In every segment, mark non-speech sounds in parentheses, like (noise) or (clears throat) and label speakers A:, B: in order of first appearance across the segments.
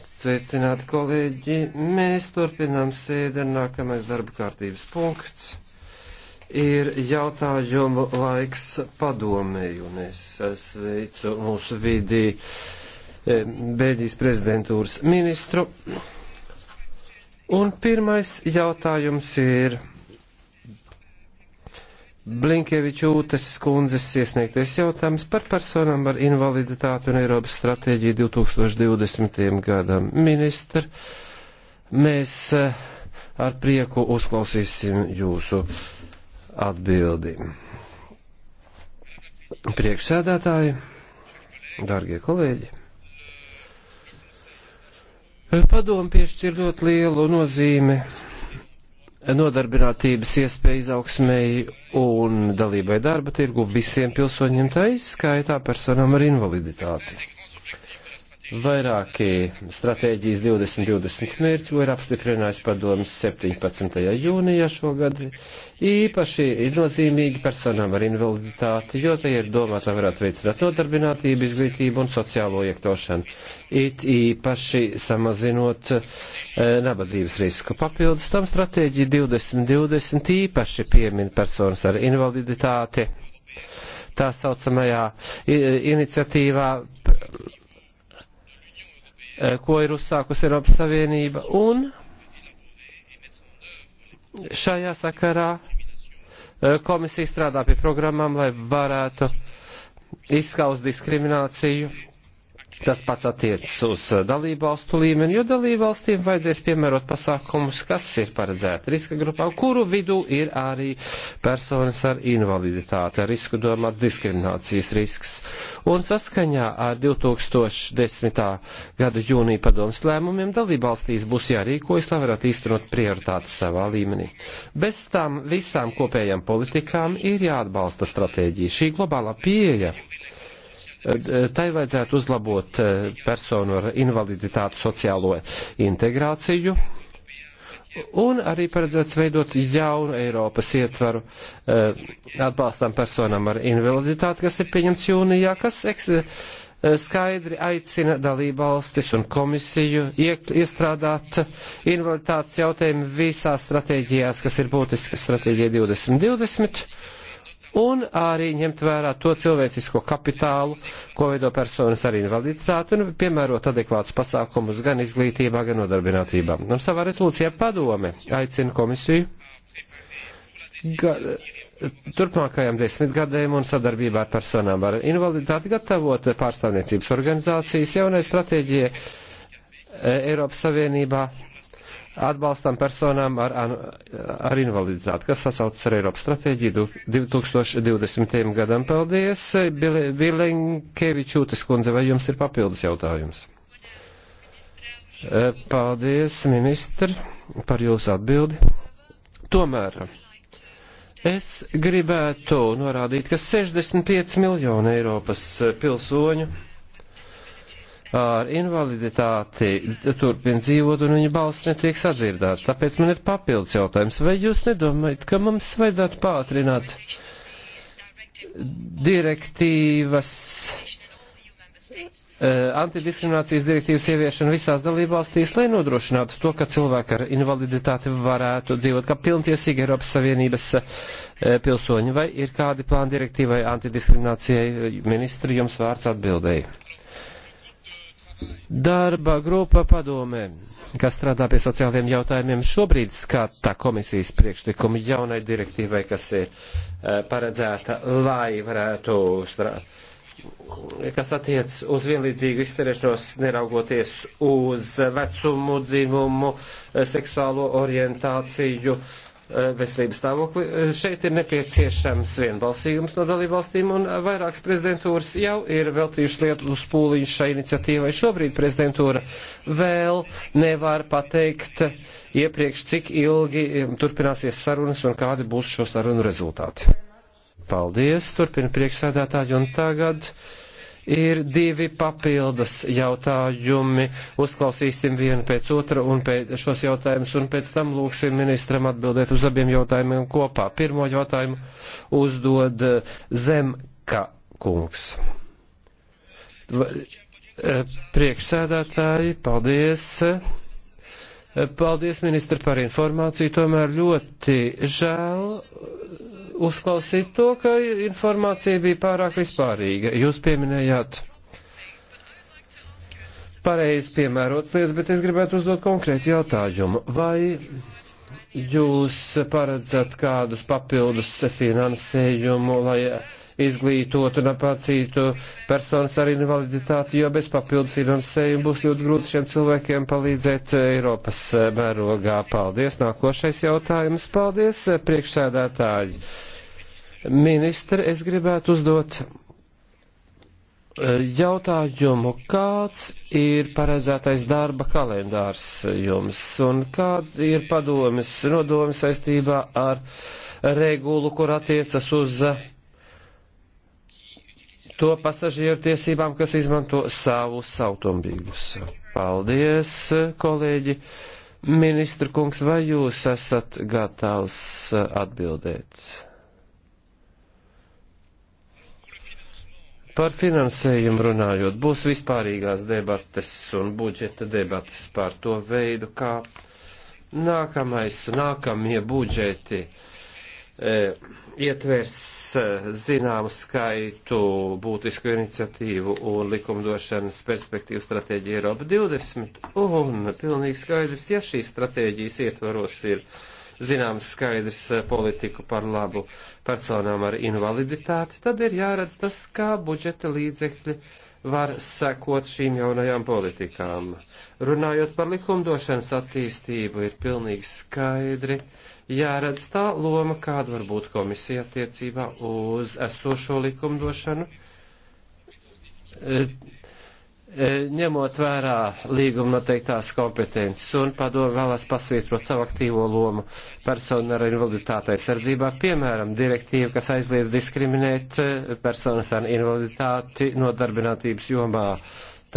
A: Sveicināti kolēģi, mēs turpinām sēdi ar nākamais darba kārtības punkts. Ir jautājumu laiks padomēji, un es sveicu mūsu vidī eh, Bēļģijas prezidentūras ministru. Un pirmais jautājums ir. Blinkevičūtes kundzes iesniegtais jautājums par personām ar invaliditāti un Eiropas stratēģiju 2020. gadam. Ministra, mēs eh, ar prieku uzklausīsim jūsu atbildi. Priekšsēdētāji, dārgie kolēģi, padomu piešķir ļoti lielu nozīmi nodarbinātības iespēja izaugsmēji un dalībai darba tirgu visiem pilsoņiem, tā izskaitā personām ar invaliditāti. Vairāki stratēģijas 2020 mērķi, ko ir apstiprinājis padomis 17. jūnijā šogad, īpaši ir nozīmīgi personām ar invaliditāti, jo tie ir domāti, lai varētu veicināt nodarbinātību, izglītību un sociālo iekļaušanu, it īpaši samazinot e, nabadzības risku. Papildus tam stratēģija 2020 īpaši piemin personas ar invaliditāti, tā saucamajā iniciatīvā Eh, ko ir uzsākusi Eiropas Savienība, un šajā sakarā eh, komisija strādā pie programmām, lai varētu izskaust diskrimināciju Tas pats attiecas uz uh, dalībvalstu līmeni, jo dalībvalstīm vajadzēs piemērot pasākumus, kas ir paredzēti riska grupām, kuru vidū ir arī personas ar invaliditāti, ar risku domāts diskriminācijas risks. Un saskaņā ar 2010. gada jūnija padomas lēmumiem dalībvalstīs būs jārīkojas, lai varētu īstenot prioritātes savā līmenī. Bez tam visām kopējām politikām ir jāatbalsta stratēģija. Šī globālā pieeja Eh, tai vajadzētu uzlabot eh, personu ar invaliditātu sociālo integrāciju. Un arī paredzēts veidot jaunu Eiropas ietvaru eh, atbalstam personam ar invaliditāti, kas ir pieņemts jūnijā, kas eksistē skaidri aicina dalībvalstis un komisiju iestrādāt invaliditātes jautājumu visās stratēģijās, kas ir būtiski stratēģija 2020 un arī ņemt vērā to cilvēcisko kapitālu, ko veido personas ar invaliditāti un piemērot adekvātus pasākumus gan izglītībā, gan nodarbinātībā. Un savā rezolūcijā padome aicina komisiju ga, turpmākajām desmitgadēm un sadarbībā ar personām ar invaliditāti gatavot pārstāvniecības organizācijas jaunai stratēģijai e, Eiropas Savienībā atbalstam personām ar, ar invaliditāti, kas sasaucas ar Eiropas stratēģiju 2020. gadam. Paldies, Bilenkevičūtis kundze, vai jums ir papildus jautājums? Eh, paldies, ministri, par jūsu atbildi. Tomēr es gribētu norādīt, ka 65 miljoni Eiropas pilsoņu ar invaliditāti turpina dzīvot un viņa balss netiek sadzirdēta. Tāpēc man ir papildus jautājums, vai jūs nedomājat, ka mums vajadzētu pātrināt direktīvas, eh, antidiskriminācijas direktīvas ieviešanu visās dalībvalstīs, lai nodrošinātu to, ka cilvēki ar invaliditāti varētu dzīvot kā pilntiesīgi Eiropas Savienības eh, pilsoņi, vai ir kādi plāni direktīvai antidiskriminācijai ministri jums vārds atbildēja? darba grupa padomē, kas strādā pie sociāliem jautājumiem, šobrīd skata komisijas priekšlikumu jaunai direktīvai, kas ir eh, paredzēta, lai varētu strādāt kas attiec uz vienlīdzīgu izturēšanos, neraugoties uz vecumu, dzimumu, seksuālo orientāciju, Eh, veselības stāvokli. Eh, šeit ir nepieciešams vienbalsījums no dalībvalstīm, un vairākas prezidentūras jau ir veltījušas lietu spūliņu šai iniciatīvai. Šobrīd prezidentūra vēl nevar pateikt iepriekš, cik ilgi eh, turpināsies sarunas un kādi būs šo sarunu rezultāti. Paldies, turpina priekšsēdētāji, un tagad. Ir divi papildus jautājumi. Uzklausīsim vienu pēc otra un pēc šos jautājumus, un pēc tam lūksim ministram atbildēt uz abiem jautājumiem kopā. Pirmo jautājumu uzdod eh, Zemka kungs. Eh, priekšsēdētāji, paldies. Eh, paldies, ministri, par informāciju. Tomēr ļoti žēl uzklausīt to, ka informācija bija pārāk vispārīga. Jūs pieminējāt pareizi piemērots lietas, bet es gribētu uzdot konkrētu jautājumu. Vai jūs paredzat kādus papildus finansējumu, lai izglītotu un apācītu personas ar invaliditāti, jo bez papildu finansējumu būs ļoti grūti šiem cilvēkiem palīdzēt Eiropas mērogā. Paldies. Nākošais jautājums. Paldies, priekšsēdētāji. Ministri, es gribētu uzdot eh, jautājumu, kāds ir paredzētais darba kalendārs jums un kāds ir padomis, nodomi saistībā ar regulu, kur attiecas uz eh, to pasažieru tiesībām, kas izmanto savus automobīļus. Paldies, kolēģi. Ministra kungs, vai jūs esat gatavs eh, atbildēt? Par finansējumu runājot, būs vispārīgās debates un budžeta debates par to veidu, kā nākamais, nākamie budžeti e, ietvers e, zināmu skaitu būtisku iniciatīvu un likumdošanas perspektīvu stratēģiju Eiropa 20. Un pilnīgi skaidrs, ja šīs stratēģijas ietvaros ir zināms skaidrs eh, politiku par labu personām ar invaliditāti, tad ir jāredz tas, kā budžeta līdzekļi var sekot šīm jaunajām politikām. Runājot par likumdošanas attīstību, ir pilnīgi skaidri jāredz tā loma, kāda var būt komisija attiecībā uz esošo likumdošanu. E, E, ņemot vērā līguma noteiktās kompetences un padomu vēlas pasvītrot savu aktīvo lomu personu ar invaliditāti aizsardzībā, piemēram, direktīva, kas aizliedz diskriminēt e, personas ar invaliditāti nodarbinātības jomā.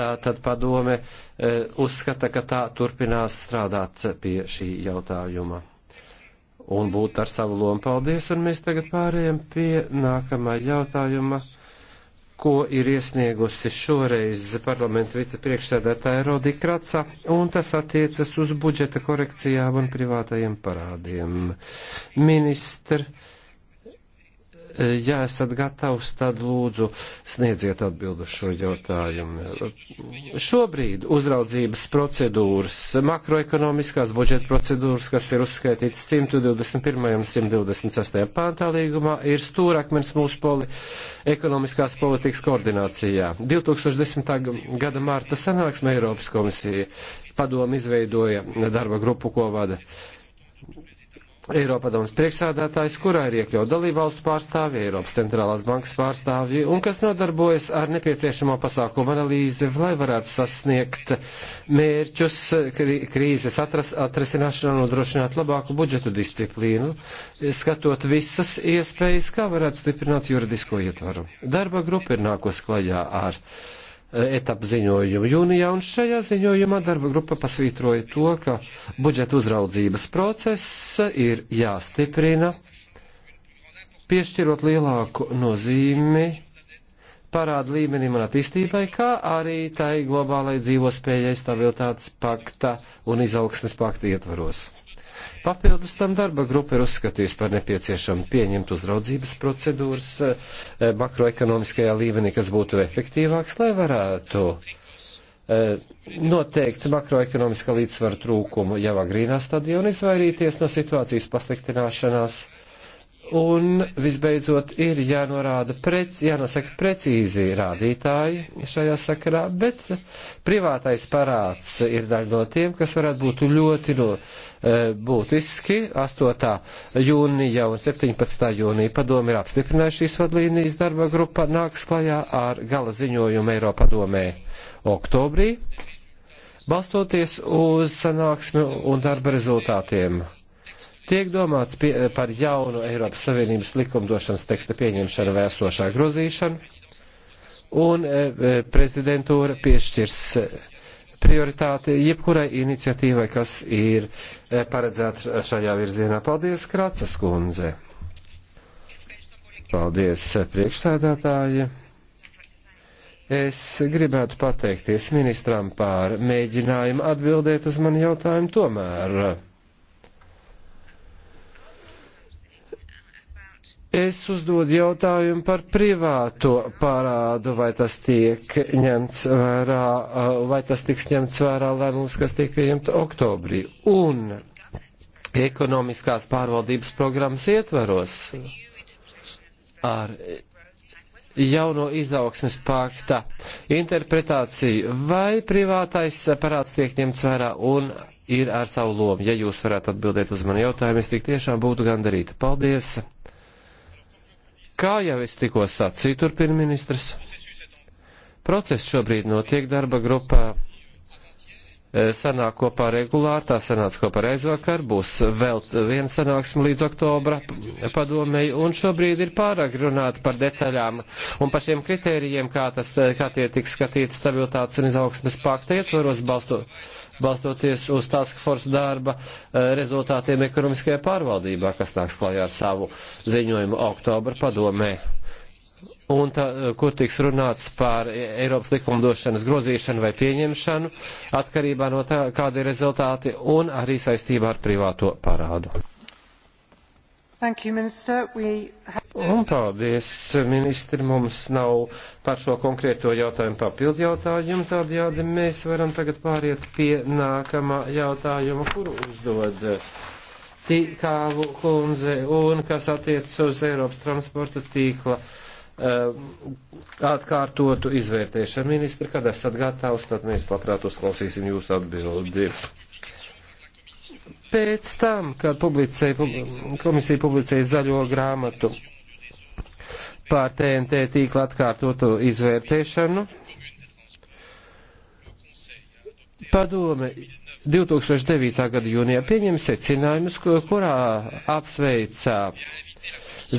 A: Tā tad padome e, uzskata, ka tā turpinās strādāt pie šī jautājuma un būt ar savu lomu. Paldies, un mēs tagad pārējām pie nākamā jautājuma ko ir iesniegusi šoreiz parlamenta vicepriekšsēdētāja Rodi Kraca, un tas attiecas uz budžeta korekcijām un privātajiem parādiem. Ministri E, ja esat gatavs, tad lūdzu sniedziet atbildu šo jautājumu. Šobrīd uzraudzības procedūras, makroekonomiskās budžeta procedūras, kas ir uzskaitītas 121. un 126. pāntā līgumā, ir stūrakmens mūsu poli ekonomiskās politikas koordinācijā. 2010. gada mārta sanāksme Eiropas komisija padomu izveidoja darba grupu, ko vada Eiropadomas priekšsādātājs, kurā ir iekļaut dalībvalstu pārstāvji, Eiropas centrālās bankas pārstāvji un kas nodarbojas ar nepieciešamo pasākumu analīzi, lai varētu sasniegt mērķus krīzes atras, atrasināšanā un nodrošināt labāku budžetu disciplīnu, skatot visas iespējas, kā varētu stiprināt juridisko ietvaru. Darba grupa ir nākos klajā ar. Uh, Eh, etapu ziņojumu jūnijā, un šajā ziņojumā darba grupa pasvītroja to, ka budžeta uzraudzības process ir jāstiprina, piešķirot lielāku nozīmi parādu līmenim un attīstībai, kā arī tai globālai dzīvospējai stabilitātes pakta un izaugsmes pakta ietvaros. Papildus tam darba grupa ir uzskatījusi par nepieciešamu pieņemt uzraudzības procedūras eh, makroekonomiskajā līmenī, kas būtu efektīvāks, lai varētu eh, noteikt makroekonomiskā līdzsvara trūkumu jau agrīnā stadijā un izvairīties no situācijas pasliktināšanās Un visbeidzot ir jānorāda prec, jānosaka precīzi rādītāji šajā sakarā, bet privātais parāds ir daļa no tiem, kas varētu būt ļoti no, e, būtiski. 8. jūnija un 17. jūnija padomi ir apstiprinājuši šīs vadlīnijas darba grupa, nāks klajā ar gala ziņojumu Eiropadomē oktobrī, balstoties uz sanāksmi un darba rezultātiem. Tiek domāts pie, par jaunu Eiropas Savienības likumdošanas teksta pieņemšanu vai esošā grozīšanu, un e, e prezidentūra piešķirs e, prioritāti jebkurai iniciatīvai, kas ir e, paredzēta šajā virzienā. Paldies, Kracas kundze! Paldies, priekšsēdētāji! Es gribētu pateikties ministram par mēģinājumu atbildēt uz manu jautājumu tomēr. Es uzdodu jautājumu par privāto parādu, vai tas tiek ņemts vērā, vai tas tiks ņemts vērā lēmums, kas tiek pieņemta oktobrī. Un ekonomiskās pārvaldības programmas ietveros ar jauno izaugsmes pakta interpretāciju, vai privātais parāds tiek ņemts vērā un ir ar savu lomu. Ja jūs varētu atbildēt uz manu jautājumu, es tik tiešām būtu gandarīta. Paldies! Kā jau es tikko sacīju, turpina ministrs, process šobrīd notiek darba grupā. E, sanāk kopā regulāri, tā sanāca kopā aizvakar, būs vēl viena sanāksme līdz oktobra padomēji, un šobrīd ir pārāk runāt par detaļām un par šiem kritērijiem, kā, tas, kā tie tiks skatīti stabilitātes un izaugsmes pakta ietvaros balstot balstoties uz task force darba eh, rezultātiem ekonomiskajā pārvaldībā, kas nāks klajā ar savu ziņojumu oktobra padomē. Un tā, eh, kur tiks runāts par e- Eiropas likumdošanas grozīšanu vai pieņemšanu, atkarībā no tā, kādi ir rezultāti un arī saistībā ar privāto parādu.
B: You, have...
A: Un paldies, ministri, mums nav par šo konkrēto jautājumu papildu jautājumu, tādējādi mēs varam tagad pāriet pie nākamā jautājuma, kuru uzdod Tīkāvu kundze un kas attiec uz Eiropas transporta tīkla eh, atkārtotu izvērtēšanu. Ministri, kad esat gatavs, tad mēs labprāt uzklausīsim jūsu atbildi pēc tam, kad publicē, komisija publicēja zaļo grāmatu pār TNT tīkla atkārtotu izvērtēšanu, padome 2009. gada jūnijā pieņem secinājumus, kurā apsveicā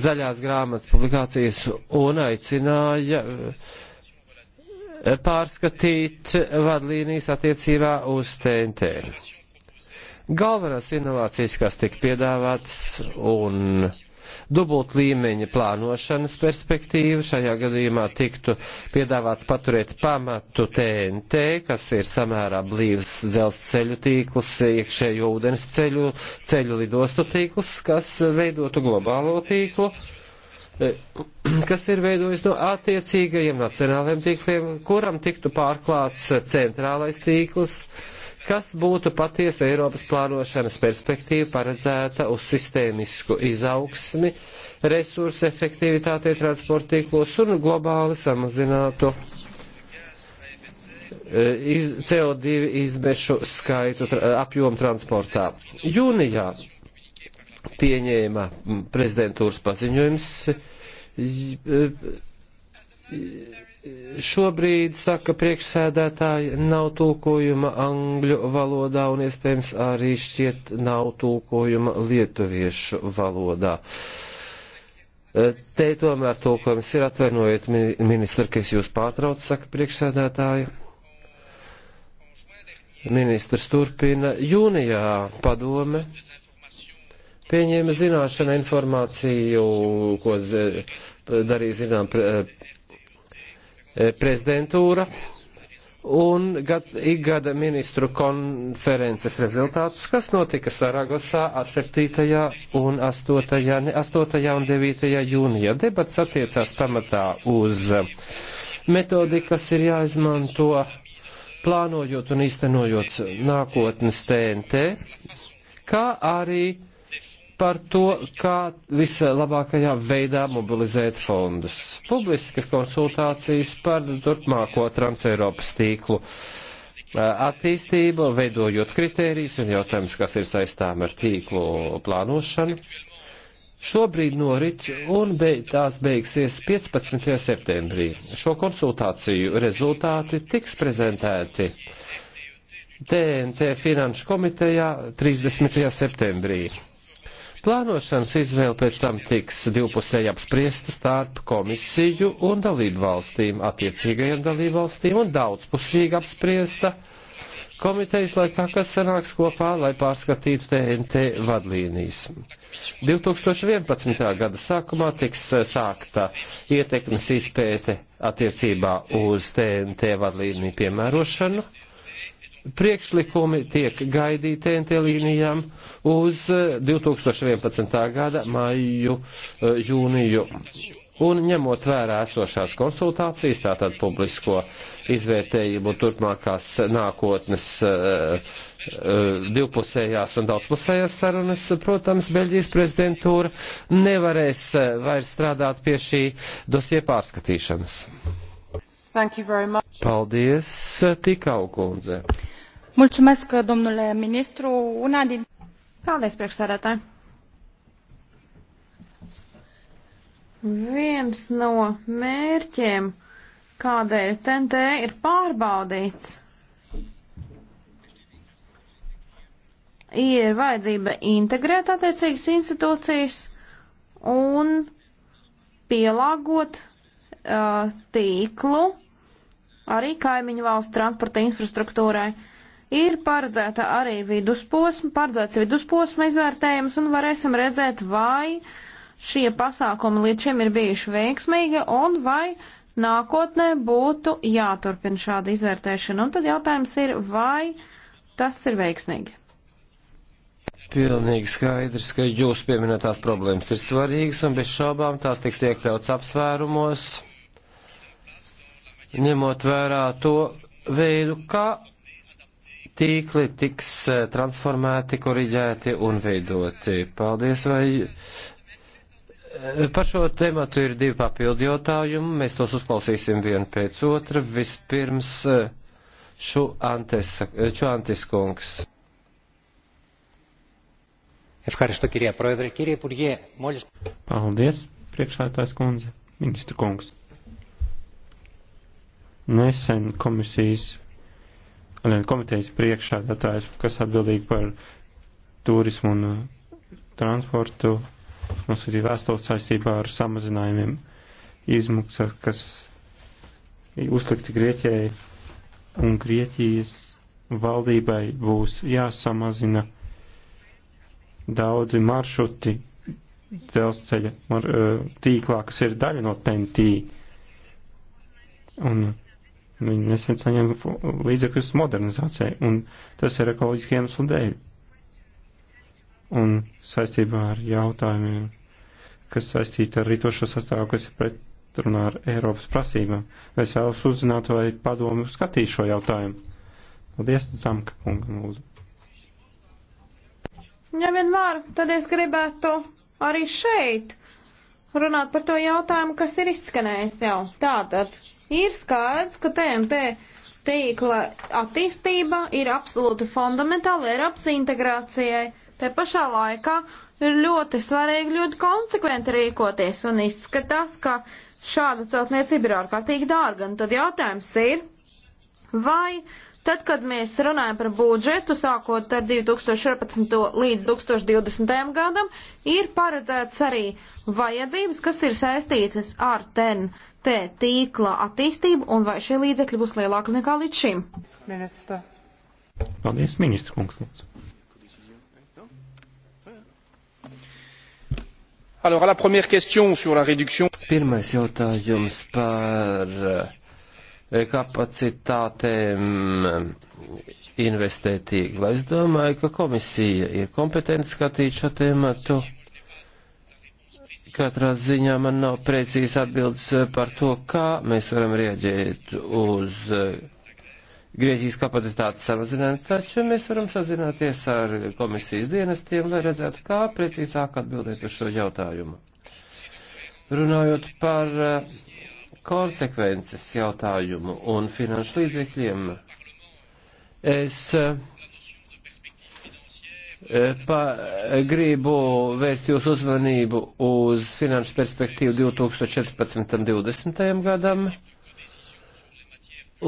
A: zaļās grāmatas publikācijas un aicināja eh, pārskatīt vadlīnijas attiecībā uz TNT galvenās inovācijas, kas tika piedāvātas, un dubult līmeņa plānošanas perspektīva. Šajā gadījumā tiktu piedāvāts paturēt pamatu TNT, kas ir samērā blīvs dzelzceļu tīkls, iekšējo ūdens ceļu, ceļu lidostu tīkls, kas veidotu globālo tīklu (clears throat) kas ir veidojis no attiecīgajiem nacionālajiem tīkliem, kuram tiktu pārklāts centrālais tīkls, kas būtu patiesa Eiropas plānošanas perspektīva paredzēta uz sistēmisku izaugsmi, resursu efektivitātei transporta tīklos un globāli samazinātu e, iz, CO2 izmešu skaitu e, apjomu transportā. Jūnijā pieņēma prezidentūras paziņojums e, Šobrīd, saka priekšsēdētāji, nav tulkojuma angļu valodā un iespējams arī šķiet nav tulkojuma lietuviešu valodā. E, te tomēr tulkojums ir atvainojiet, ministra, ka es jūs pārtraucu, saka priekšsēdētāji. Ministrs turpina jūnijā padome pieņēma zināšana informāciju, ko darīja zinām Eh, prezidentūra un gad, ikgada ministru konferences rezultātus, kas notika Saragosā 7. un 8. Ne, 8. un 9. jūnijā. Debats attiecās pamatā uz metodi, kas ir jāizmanto plānojot un īstenojot nākotnes TNT, kā arī par to, kā vislabākajā veidā mobilizēt fondus. Publiskas konsultācijas par turpmāko transeiropas tīklu attīstību, veidojot kritērijus un jautājums, kas ir saistām ar tīklu plānošanu. Šobrīd norit un beid, tās beigsies 15. septembrī. Šo konsultāciju rezultāti tiks prezentēti TNT finanšu komitejā 30. septembrī. Plānošanas izvēle pēc tam tiks divpusēji apspriesta starp komisiju un dalību valstīm, attiecīgajiem dalību valstīm un daudzpusīgi apspriesta komitejas laikā, kas sanāks kopā, lai pārskatītu TNT vadlīnijas. 2011. gada sākumā tiks eh, sākta ietekmes izpēte attiecībā uz TNT vadlīniju piemērošanu priekšlikumi tiek gaidīti NT līnijām uz 2011. Eh, gada māju eh, jūniju. Un ņemot vērā esošās konsultācijas, tātad publisko izvērtējumu turpmākās nākotnes uh, uh, divpusējās un daudzpusējās sarunas, protams, Beļģijas prezidentūra nevarēs vairs strādāt pie šī dosie pārskatīšanas. Paldies, Tikau kundze.
B: Mulțumesc, domnule ministru. Una din... Paldies, priekšsēdētāji. Viens no mērķiem, kādēļ TNT ir pārbaudīts, ir vajadzība integrēt attiecīgas institūcijas un pielāgot uh, tīklu arī kaimiņu valsts transporta infrastruktūrai. Ir paredzēta arī vidusposma, paredzēts vidusposma izvērtējums un varēsim redzēt, vai šie pasākumi līdz šim ir bijuši veiksmīgi un vai nākotnē būtu jāturpina šāda izvērtēšana. Un tad jautājums ir, vai tas ir veiksmīgi.
A: Pilnīgi skaidrs, ka jūs pieminētās problēmas ir svarīgas un bez šaubām tās tiks iekļauts apsvērumos ņemot vērā to veidu, kā tīkli tiks eh, transformēti, koriģēti un veidoti. Paldies, vai eh, par šo tematu ir divi papildu jautājumi. Mēs tos uzklausīsim vienu pēc otra. Vispirms eh, šo antes, šo
C: antes kungs.
A: Ευχαριστώ κυρία Πρόεδρε. Κύριε Υπουργέ, μόλις...
C: Παλδίες, πρέξατε κόντζε, μίνιστρο κόντζε. Nesen komisijas, komitejas priekšādātājs, kas atbildīgi par turismu un uh, transportu, mums ir vēstules saistībā ar samazinājumiem izmaksas, kas uzlikti Grieķijai, un Grieķijas valdībai būs jāsamazina daudzi maršruti dzelzceļa mar, uh, tīklā, kas ir daļa no TNT. Un Viņi nesen saņem līdzekļus modernizācijai, un tas ir ekoloģiski iemeslu dēļ. Un saistībā ar jautājumiem, kas saistīti ar rītošo sastāvu, kas ir pretrunā ar Eiropas prasībām, es vēlos uzzināt, vai padomu skatīs šo jautājumu. Paldies, Zamka kungam, lūdzu.
B: Ja vien var, tad es gribētu arī šeit runāt par to jautājumu, kas ir izskanējis jau. Tātad, Ir skaidrs, ka TNT tīkla attīstība ir absolūti fundamentāla Eiropas integrācijai. Te pašā laikā ir ļoti svarīgi ļoti konsekventi rīkoties un izskatās, ka šāda celtniecība ir ārkārtīgi dārga. Un tad jautājums ir, vai tad, kad mēs runājam par budžetu, sākot ar 2014. līdz 2020. gadam, ir paredzēts arī vajadzības, kas ir saistītas ar ten T tīkla attīstību un vai šie līdzekļi būs lielāki nekā līdz šim? Ministra.
C: Paldies, ministra kungs.
A: Alors, à la première question sur la réduction. Pirmais jautājums par eh, kapacitātēm eh, investēt tīklā. Es domāju, ka komisija ir kompetenti skatīt šo tēmatu. Tu Katrā ziņā man nav precīzi atbildes eh, par to, kā mēs varam rieģēt uz eh, Grieķijas kapacitātes samazinājumu, taču mēs varam sazināties ar komisijas dienestiem, lai redzētu, kā precīzāk atbildēt uz šo jautājumu. Runājot par eh, konsekvences jautājumu un finanšu līdzekļiem, es uh, E, pa, gribu vērst jūsu uzmanību uz finanšu perspektīvu 2014-2020 gadam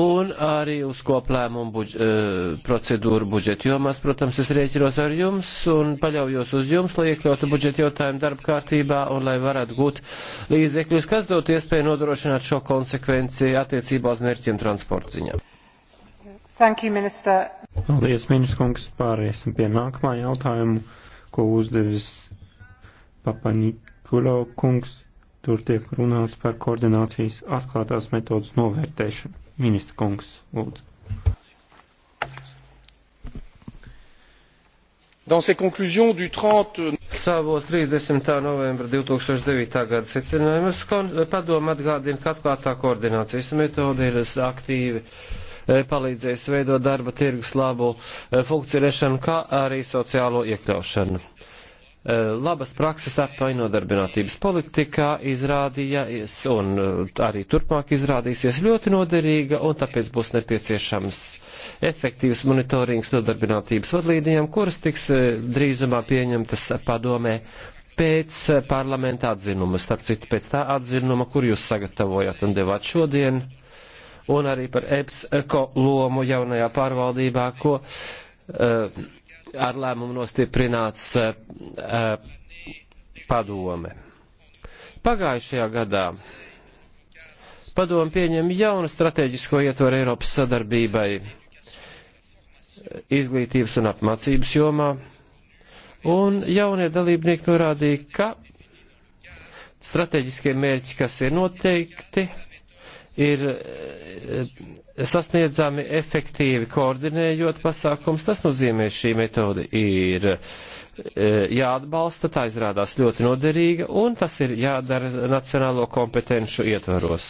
A: un arī uz koplēmumu budž e, procedūru budžeta jomās. Protams, es rēķinos ar jums un paļaujos uz jums, lai iekļautu budžeta jautājumu darba kārtībā un lai varētu gūt līdzekļus, kas dotu iespēju nodrošināt šo konsekvenci attiecībā uz mērķiem transporta ziņā. Thank you, minister.
C: Paldies, ministrs kungs. Pāriesim pie nākamā jautājumu, ko uzdevis Papaņikulo kungs. Tur tiek runāts par koordinācijas atklātās metodas novērtēšanu. Ministra kungs, lūdzu.
A: Dans ses conclusions du 30... Savos 30. novembra 2009. gada secinājumus padomu atgādina, ka atklātā koordinācijas metode ir aktīvi e, palīdzējis veidot darba tirgus labu e, funkcionēšanu, kā arī sociālo iekļaušanu. Eh, labas prakses apmaiņu nodarbinātības politikā izrādījies un eh, arī turpmāk izrādīsies ļoti noderīga, un tāpēc būs nepieciešams efektīvs monitorings nodarbinātības vadlīnijām, kuras tiks eh, drīzumā pieņemtas padomē pēc parlamenta atzinuma, starp citu pēc tā atzinuma, kur jūs sagatavojat un devāt šodien, un arī par EPSCO lomu jaunajā pārvaldībā, ko uh, ar lēmumu nostiprināts eh, eh, padome. Pagājušajā gadā padome pieņem jaunu strateģisko ietvaru Eiropas sadarbībai eh, izglītības un apmācības jomā, un jaunie dalībnieki norādīja, ka strateģiskie mērķi, kas ir noteikti, ir eh, sasniedzami efektīvi koordinējot pasākums. Tas nozīmē, šī metode ir eh, jāatbalsta, tā izrādās ļoti noderīga, un tas ir jādara nacionālo kompetenšu ietvaros.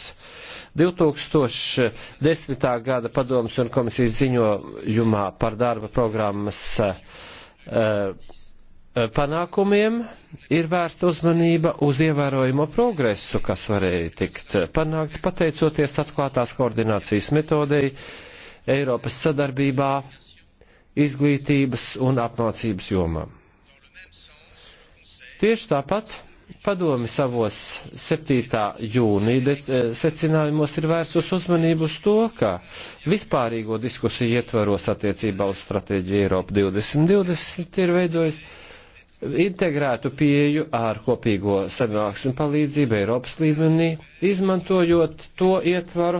A: 2010. gada padomas un komisijas ziņojumā par darba programmas uh, Eh, panākumiem ir vērsta uzmanība uz ievērojamo progresu, kas varēja tikt panākts pateicoties atklātās koordinācijas metodei Eiropas sadarbībā izglītības un apmācības jomā. Tieši tāpat padomi savos 7. jūnija eh, secinājumos ir vērsus uzmanību uz to, ka vispārīgo diskusiju ietvaros attiecībā uz stratēģiju Eiropa 2020 ir veidojis integrētu pieju ar kopīgo sanāksmu palīdzību Eiropas līmenī, izmantojot to ietvaru,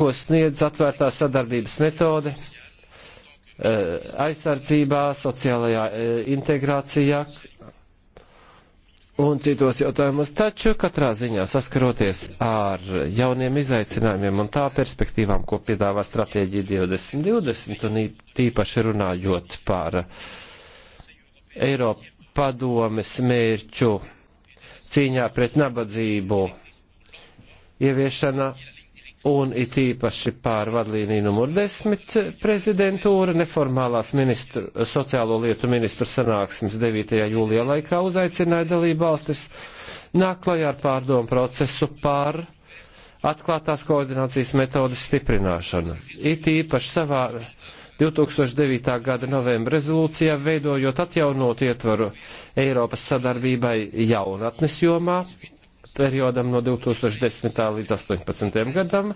A: ko sniedz atvērtā sadarbības metode eh, aizsardzībā, sociālajā eh, integrācijā un citos jautājumos. Taču katrā ziņā saskaroties ar jauniem izaicinājumiem un tā perspektīvām, ko piedāvā stratēģija 2020 un tīpaši runājot par uh, Eiropa padomes mērķu cīņā pret nabadzību ieviešana un it īpaši pār vadlīniju numur desmit prezidentūra neformālās ministru, sociālo lietu ministru sanāksmes 9. jūlijā laikā uzaicināja dalību valstis nāk klajā ar pārdomu procesu pār atklātās koordinācijas metodas stiprināšanu. It īpaši savā 2009. gada novembra rezolūcijā, veidojot atjaunot ietvaru Eiropas sadarbībai jaunatnes jomā periodam no 2010. līdz 2018. gadam.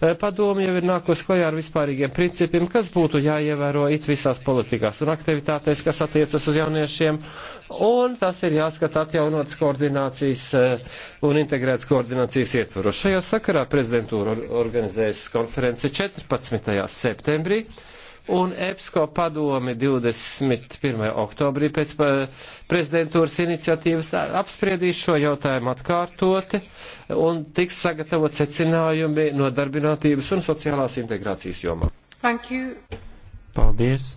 A: E, padomi jau ir nākos klajā ar vispārīgiem principiem, kas būtu jāievēro it visās politikās un aktivitātēs, kas attiecas uz jauniešiem, un tas ir jāskata atjaunotas koordinācijas e, un integrētas koordinācijas ietvaru. Šajā sakarā prezidentūra organizēs konferenci 14. septembrī un EPSCO padomi 21. oktobrī pēc prezidentūras iniciatīvas apspriedīs šo jautājumu atkārtoti un tiks sagatavot secinājumi no darbinātības un sociālās integrācijas jomā.
B: Thank you.
C: Paldies.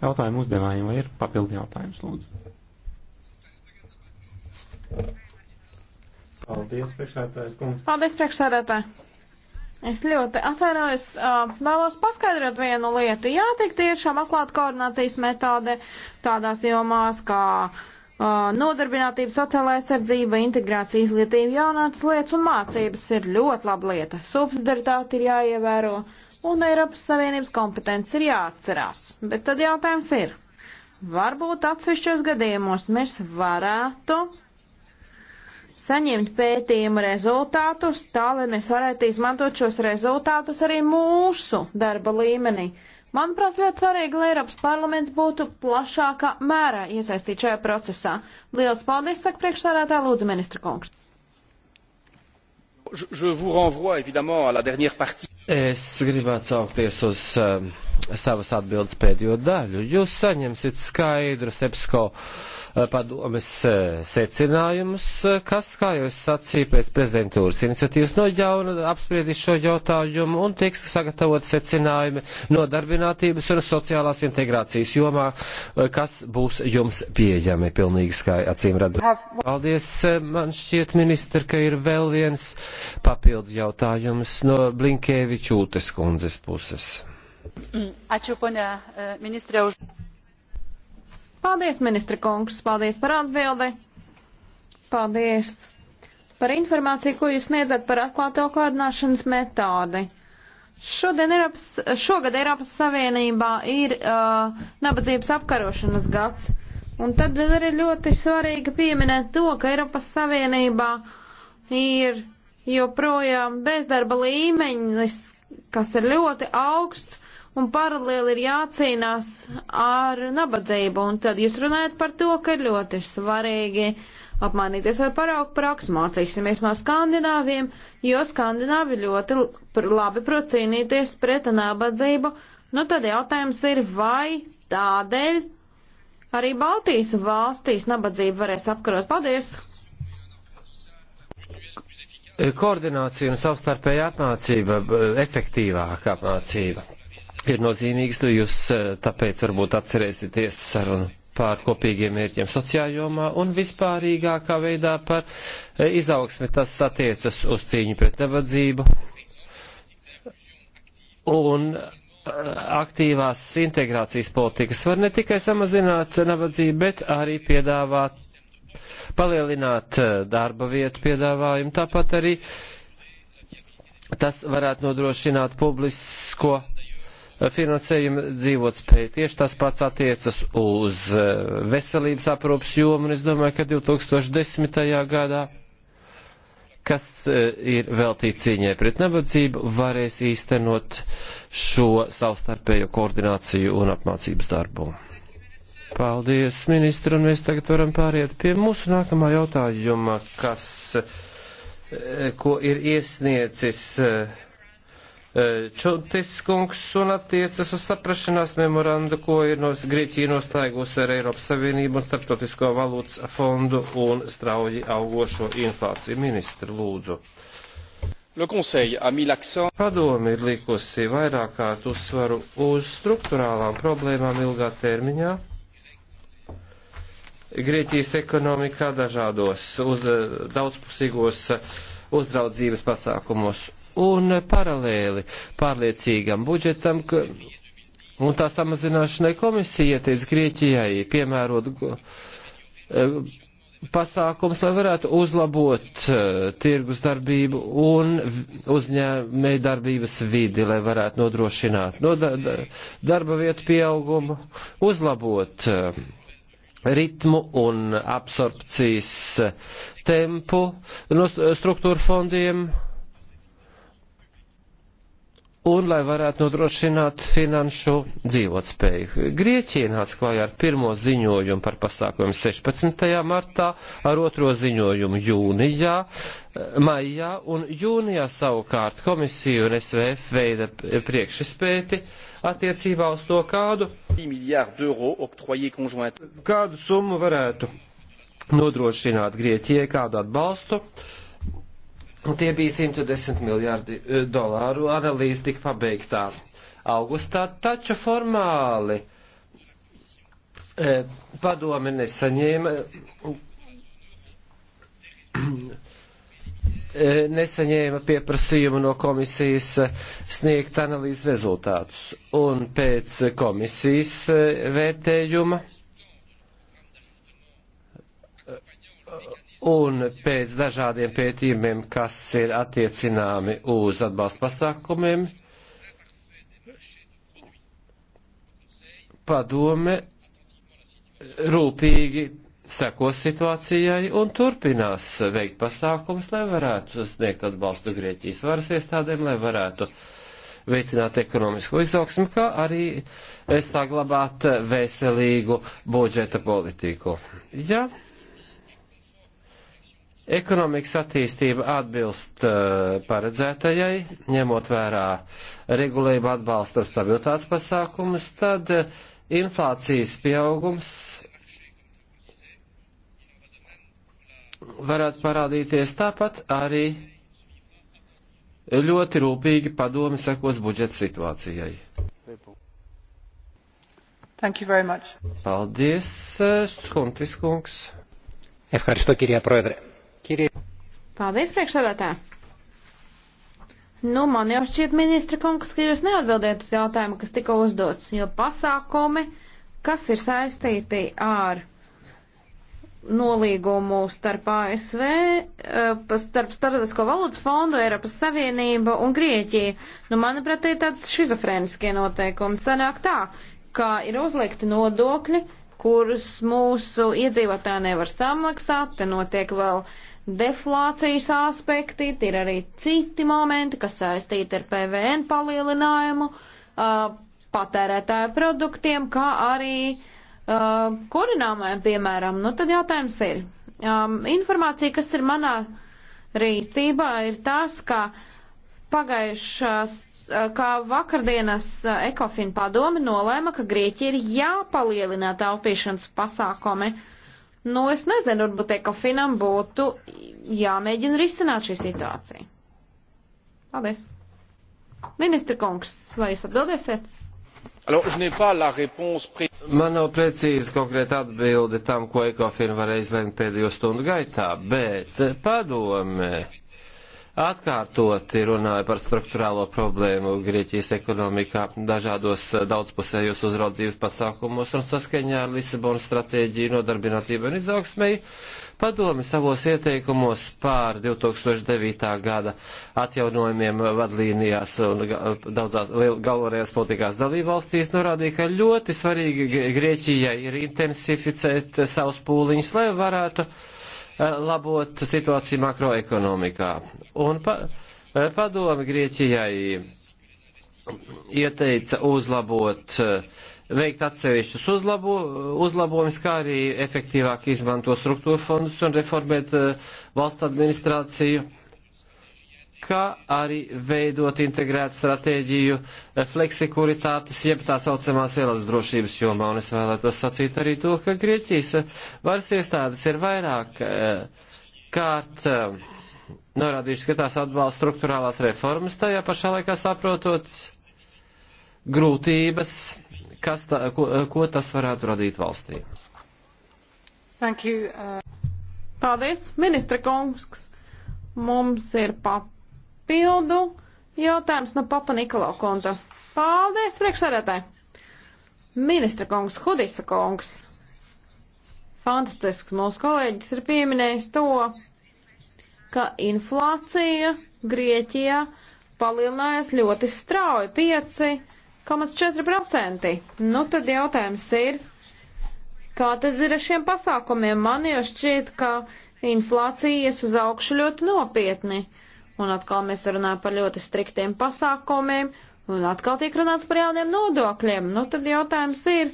C: Jautājumu uzdevējiem vai ir papildi jautājums, lūdzu? Paldies, priekšsēdētājs kungs.
B: Paldies, priekšsēdētāji. Es ļoti atvainojos, vēlos paskaidrot vienu lietu. Jā, tik tiešām atklāt koordinācijas metode tādās jomās kā nodarbinātība, sociālā aizsardzība, integrācija, izglītība, jaunātas lietas un mācības ir ļoti laba lieta. Subsidaritāte ir jāievēro un Eiropas Savienības kompetences ir jāatcerās. Bet tad jautājums ir, varbūt atsevišķos gadījumos mēs varētu saņemt pētījuma rezultātus, tā lai mēs varētu izmantot šos rezultātus arī mūsu darba līmenī. Manuprāt, ļoti svarīgi, lai Eiropas parlaments būtu plašākā mērā iesaistīts šajā procesā. Lielas paldies, saka priekšsādātāja Lūdzu ministra kungs.
A: Je, je vous renvoie évidemment à la dernière partie. Es gribētu atsaukties uz um, savas atbildes pēdējo daļu. Jūs saņemsiet skaidru EPSCO uh, padomes uh, secinājumus, uh, kas, kā jau es sacīju, pēc prezidentūras iniciatīvas no jauna apspriedīs šo jautājumu un tiks sagatavot secinājumi no darbinātības un sociālās integrācijas jomā, uh, kas būs jums pieejami pilnīgi skaidri acīm redzot. Paldies, man šķiet, ministra, ka ir vēl viens papildu jautājums no Blinkēvi. Blinkevičūtes kundzes puses.
B: Mm, ačiū, ponia e, ministrė, už. Paldies, ministra kungs, paldies par atbildi. Paldies par informāciju, ko jūs sniedzat par atklāto koordināšanas metodi. Šodien Eiropas, šogad Eiropas Savienībā ir uh, nabadzības apkarošanas gads, un tad arī ļoti svarīgi pieminēt to, ka Eiropas Savienībā ir joprojām bezdarba līmeņis, kas ir ļoti augsts, un paralēli ir jācīnās ar nabadzību. Un tad jūs runājat par to, ka ir ļoti svarīgi apmainīties ar paraugu praksu, mācīsimies no skandināviem, jo skandināvi ļoti labi prot cīnīties pret nabadzību. Nu tad jautājums ir, vai tādēļ arī Baltijas valstīs nabadzību varēs apkarot. Paldies!
C: Eh,
A: koordinācija un savstarpēja apmācība, eh, efektīvāka apmācība ir nozīmīgs. Jūs eh, tāpēc varbūt atcerēsieties sarunu pār kopīgiem mērķiem sociālajomā un vispārīgākā veidā par izaugsmi. Tas attiecas uz cīņu pret nevadzību un aktīvās integrācijas politikas var ne tikai samazināt nabadzību, bet arī piedāvāt palielināt eh, darba vietu piedāvājumu, tāpat arī tas varētu nodrošināt publisko eh, finansējuma dzīvotspēju. Tieši tas pats attiecas uz eh, veselības aprūpas jomu, un es domāju, ka 2010. gadā, kas ir veltīts cīņai pret nabadzību, varēs īstenot šo savstarpējo koordināciju un apmācības darbu. Paldies, ministra, un mēs tagad varam pāriet pie mūsu nākamā jautājuma, kas, eh, ko ir iesniecis eh, eh, Čuntis kungs un attiecas uz saprašanās memorandu, ko ir no Grieķija nostaigus ar Eiropas Savienību un Starptautisko valūtas fondu un strauji augošo inflāciju. Ministra, lūdzu. Padomi ir likusi vairāk kārt uzsvaru uz struktūrālām problēmām ilgā termiņā Grieķijas ekonomikā dažādos uz, daudzpusīgos uzraudzības pasākumos un paralēli pārliecīgam budžetam, ka, un tā samazināšanai komisija ieteic Grieķijai piemērot e, pasākums, lai varētu uzlabot e, tirgus darbību un uzņēmēju darbības vidi, lai varētu nodrošināt no darba vietu pieaugumu, uzlabot uh, ritmu un absorpcijas tempu no struktūra fondiem un lai varētu nodrošināt finanšu dzīvotspēju. Grieķija nāca klājā ar pirmo ziņojumu par pasākumiem 16. martā, ar otro ziņojumu jūnijā, maijā, un jūnijā savukārt komisija un SVF veida priekšspēti attiecībā uz to, kādu Kādu summu varētu nodrošināt Grieķijai, kādu atbalstu? Tie bija 110 miljārdi eh, dolāru analīze tika pabeigtā augustā, taču formāli eh, padome nesaņēma E, nesaņēma pieprasījumu no komisijas e, sniegt analīzes rezultātus. Un pēc komisijas e, vērtējuma un pēc dažādiem pētījumiem, kas ir attiecināmi uz atbalsta pasākumiem, padome rūpīgi sekos situācijai un turpinās veikt pasākumus, lai varētu sniegt atbalstu Grieķijas varas iestādēm, lai varētu veicināt ekonomisko izaugsmu, kā arī saglabāt veselīgu budžeta politiku. Ja ekonomikas attīstība atbilst uh, paredzētajai, ņemot vērā regulējumu atbalstu un stabilitātes pasākumus, tad uh, inflācijas pieaugums varētu parādīties. Tāpat arī ļoti rūpīgi padomi sekos budžeta situācijai.
B: Thank you very much.
A: Paldies, Skuntis kungs. Efkārsto, kirjā proedre. Kirjā.
B: Paldies, priekšsēdētā. Nu, man jau šķiet, ministra kungs, ka jūs neatbildējat uz jautājumu, kas tika uzdots, jo pasākumi, kas ir saistīti ar. Ār nolīgumu starp ASV, eh, starp Starptautisko valūtas fondu, Eiropas Savienību un Grieķiju. Nu, manuprāt, tie ir tāds šizofrēniskie noteikumi. Sanāk tā, ka ir uzlikti nodokļi, kurus mūsu iedzīvotāji nevar samaksāt, te notiek vēl deflācijas aspekti, ir arī citi momenti, kas saistīti ar PVN palielinājumu, eh, patērētāju produktiem, kā arī uh, uh, kurināmajam, piemēram, nu tad jautājums ir. Um, informācija, kas ir manā rīcībā, ir tās, ka pagājušās, uh, kā vakardienas uh, ekofin padomi nolēma, ka Grieķija ir jāpalielina taupīšanas pasākumi. Nu, es nezinu, varbūt ekofinam būtu jāmēģina risināt šī situācija. Paldies! Ministra kungs, vai jūs atbildēsiet?
A: Man nav precīzi konkrēta atbilde tam, ko Ekofin var izlemt pēdējo stundu gaitā, bet padome atkārtoti runāja par struktūrālo problēmu Grieķijas ekonomikā dažādos daudzpusējos uzraudzības pasākumos un saskaņā ar Lisabonas stratēģiju nodarbinātību un izaugsmēju. Padomi savos ieteikumos pār 2009. gada atjaunojumiem vadlīnijās un daudzās galvenajās politikās dalībvalstīs norādīja, ka ļoti svarīgi Grieķijai ir intensificēt savus pūliņus, lai varētu uh, Eh, labot situāciju makroekonomikā. Un pa, eh, padomi Grieķijai ieteica uzlabot, eh, veikt atsevišķus uzlabo, uzlabojumus, kā arī efektīvāk izmantot struktūra fondus un reformēt valsts administrāciju kā arī veidot integrētu stratēģiju eh, fleksikuritātes, jeb tā saucamās ielas drošības jomā. Un es vēlētos sacīt arī to, ka Grieķijas eh, varas iestādes ir vairāk eh, kārt norādījušas, ka tās atbalsta struktūrālās reformas, tajā pašā laikā saprotot grūtības, kas tā, ko, ko tas varētu radīt valstī.
C: Thank
B: you. Uh... Paldies, ministra kungs. Mums ir pap papildu jautājums no Papa Nikolau kundze. Paldies, priekšsēdētāji! Ministra kungs, Hudisa kungs. Fantastisks mūsu kolēģis ir pieminējis to, ka inflācija Grieķijā palielinājās ļoti strauji - 5,4%. Nu, tad jautājums ir, kā tad ir ar šiem pasākumiem? Man jau šķiet, ka inflācija ies uz augšu ļoti nopietni. Uh, un atkal mēs runājam par ļoti striktiem pasākumiem, un atkal tiek runāts par jauniem nodokļiem. Nu, tad jautājums ir,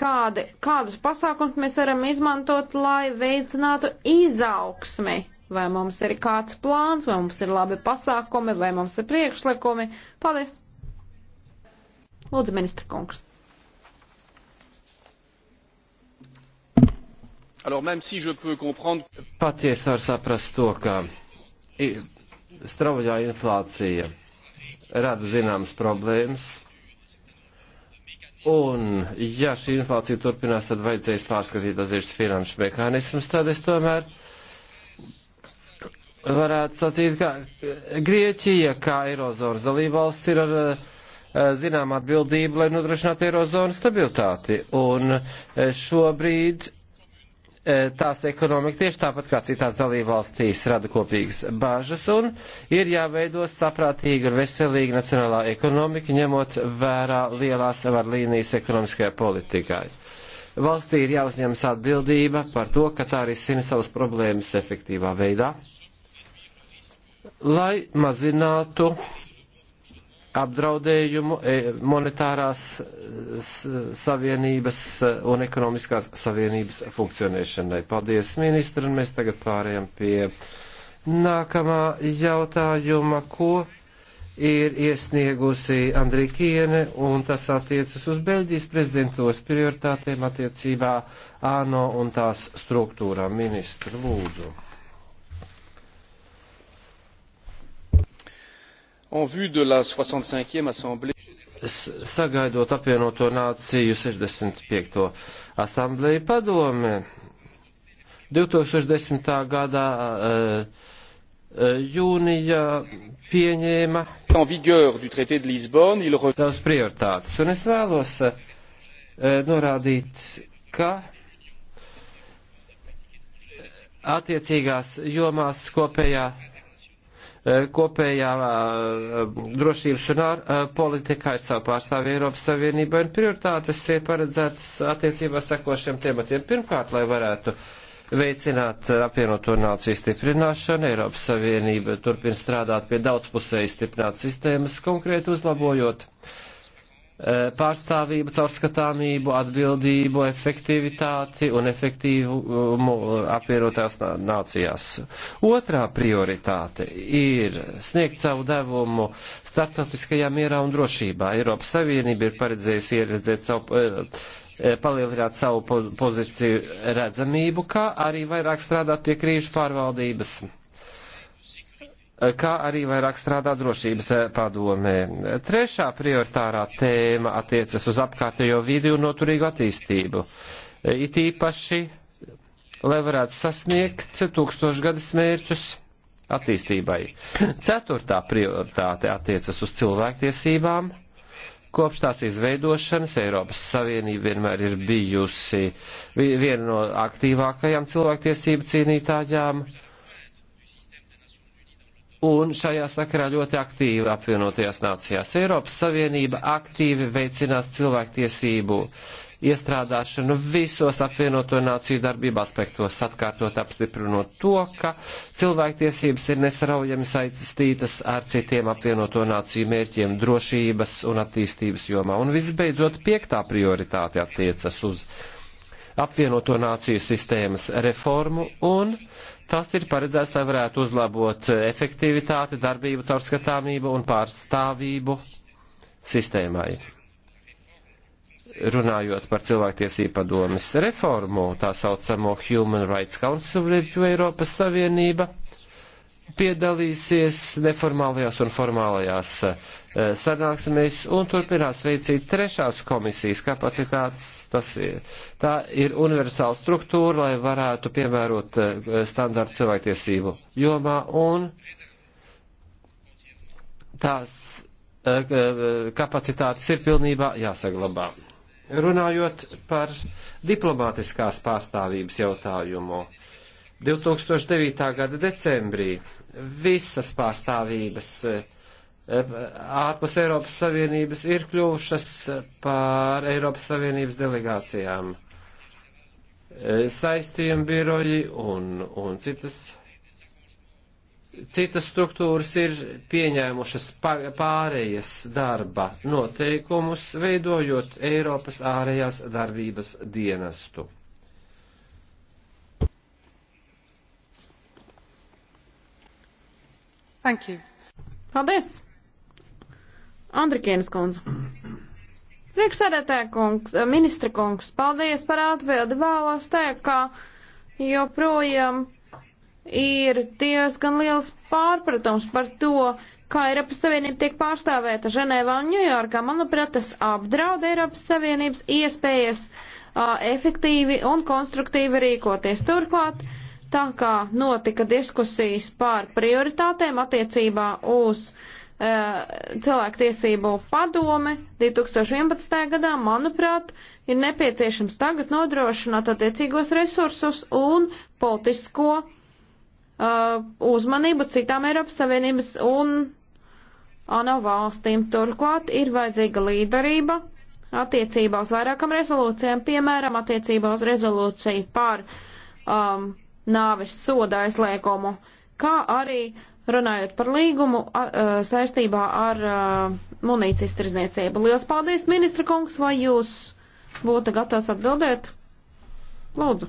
B: kādi, kādus pasākumus mēs varam izmantot, lai veicinātu izaugsmi? Vai mums ir kāds plāns, vai mums ir labi pasākumi, vai mums ir priekšlikumi? Paldies! Lūdzu, ministra kungs.
A: Alors, même si je peux comprendre... Patiesi var saprast to, ka straujā inflācija rada zināmas problēmas. Un, ja šī inflācija turpinās, tad vajadzēs pārskatīt atsevišķus finanšu mehānismus. Tad es tomēr varētu sacīt, ka Grieķija, kā Eirozonas dalībvalsts, ir ar eh, zinām atbildību, lai nodrošinātu Eirozonas stabilitāti. Un eh, šobrīd E, tās ekonomika tieši tāpat kā citās dalībvalstīs rada kopīgas bāžas un ir jāveido saprātīga un veselīga nacionālā ekonomika, ņemot vērā lielās varlīnijas ekonomiskajā politikā. Valstī ir jāuzņemas atbildība par to, ka tā arī sina savas problēmas efektīvā veidā, lai mazinātu apdraudējumu e, monetārās e, savienības e, un ekonomiskās savienības funkcionēšanai. Paldies, ministri, un mēs tagad pārējām pie nākamā jautājuma, ko ir iesniegusi Andrikiene, un tas attiecas uz Beļģijas prezidentos prioritātēm attiecībā ANO un tās struktūrām. Ministru, lūdzu. en vue de la 65e assemblée sagaidot apvienoto nāciju 65. asambleju padome 2010. gadā eh, eh, jūnijā pieņēma tās prioritātes. Un es vēlos eh, norādīt, ka attiecīgās jomās kopējā kopējā eh, drošības un eh, politikā ir savu pārstāvi Eiropas Savienībā, un prioritātes ir paredzētas attiecībā sakošiem tematiem. Pirmkārt, lai varētu veicināt eh, apvienoto nāciju stiprināšanu, Eiropas Savienība turpina strādāt pie daudzpusēji stiprinātas sistēmas, konkrēti uzlabojot uh, Eh, pārstāvību, caurskatāmību, atbildību, efektivitāti un efektīvumu eh, apvienotās nācijās. Otrā prioritāte ir sniegt savu devumu starptautiskajā mierā un drošībā. Eiropas Savienība ir paredzējusi ieredzēt savu eh, palielināt savu pozīciju redzamību, kā arī vairāk strādāt pie krīžu pārvaldības Eh, kā arī vairāk strādā drošības eh, padomē. Trešā prioritārā tēma attiecas uz apkārtējo vidi un noturīgu attīstību. Eh, it īpaši, lai varētu sasniegt tūkstošgadas mērķus attīstībai. Ceturtā prioritāte attiecas uz cilvēktiesībām. Kopš tās izveidošanas Eiropas Savienība vienmēr ir bijusi viena no aktīvākajām cilvēktiesību cīnītājām. Uh, un šajā sakarā ļoti aktīvi apvienotajās nācijās. Eiropas Savienība aktīvi veicinās cilvēktiesību iestrādāšanu visos apvienoto nāciju darbību aspektos, atkārtot apstiprinot to, ka cilvēktiesības ir nesaraujami saistītas ar citiem apvienoto nāciju mērķiem drošības un attīstības jomā. Un visbeidzot, piektā prioritāte attiecas uz apvienoto nāciju sistēmas reformu un Tas ir paredzēts, lai varētu uzlabot efektivitāti, darbību, caurskatāmību un pārstāvību sistēmai. Runājot par cilvēktiesību padomis reformu, tā saucamo Human Rights Council Review Eiropas Savienība piedalīsies neformālajās un formālajās Eh, sanāksmēs un turpinās veicīt trešās komisijas kapacitātes. Tas ir, tā ir universāla struktūra, lai varētu piemērot eh, standārtu cilvēktiesību jomā un tās eh, kapacitātes ir pilnībā jāsaglabā. Runājot par diplomātiskās pārstāvības jautājumu, 2009. gada decembrī visas pārstāvības uh, ārpus Eiropas Savienības ir kļuvušas par Eiropas Savienības delegācijām. E, saistījumi biroji un, un citas, citas struktūras ir pieņēmušas pārējas darba noteikumus, veidojot Eiropas ārējās darbības dienestu.
B: Thank you. Paldies! Andrikienas kundze. Priekšsēdētāja kungs, eh, ministra kungs, paldies par atbildi. Vēlos teikt, ka joprojām ir diezgan liels pārpratums par to, kā Eiropas Savienība tiek pārstāvēta Ženēvā un Ņujorkā. Manuprāt, tas apdraud Eiropas Savienības iespējas uh, efektīvi un konstruktīvi rīkoties. Turklāt, tā kā notika diskusijas par prioritātēm attiecībā uz uh, Eh, cilvēktiesību padome 2011. gadā, manuprāt, ir nepieciešams tagad nodrošināt attiecīgos resursus un politisko uh, uzmanību citām Eiropas Savienības un ANO valstīm. Turklāt ir vajadzīga līderība attiecībā uz vairākam rezolūcijām, piemēram, attiecībā uz rezolūciju par um, nāves soda aizliekumu, kā arī uh, runājot par līgumu a, a, saistībā ar a, munīcijas tirzniecību. Lielas paldies, ministra kungs, vai jūs būtu gatavs atbildēt? Lūdzu.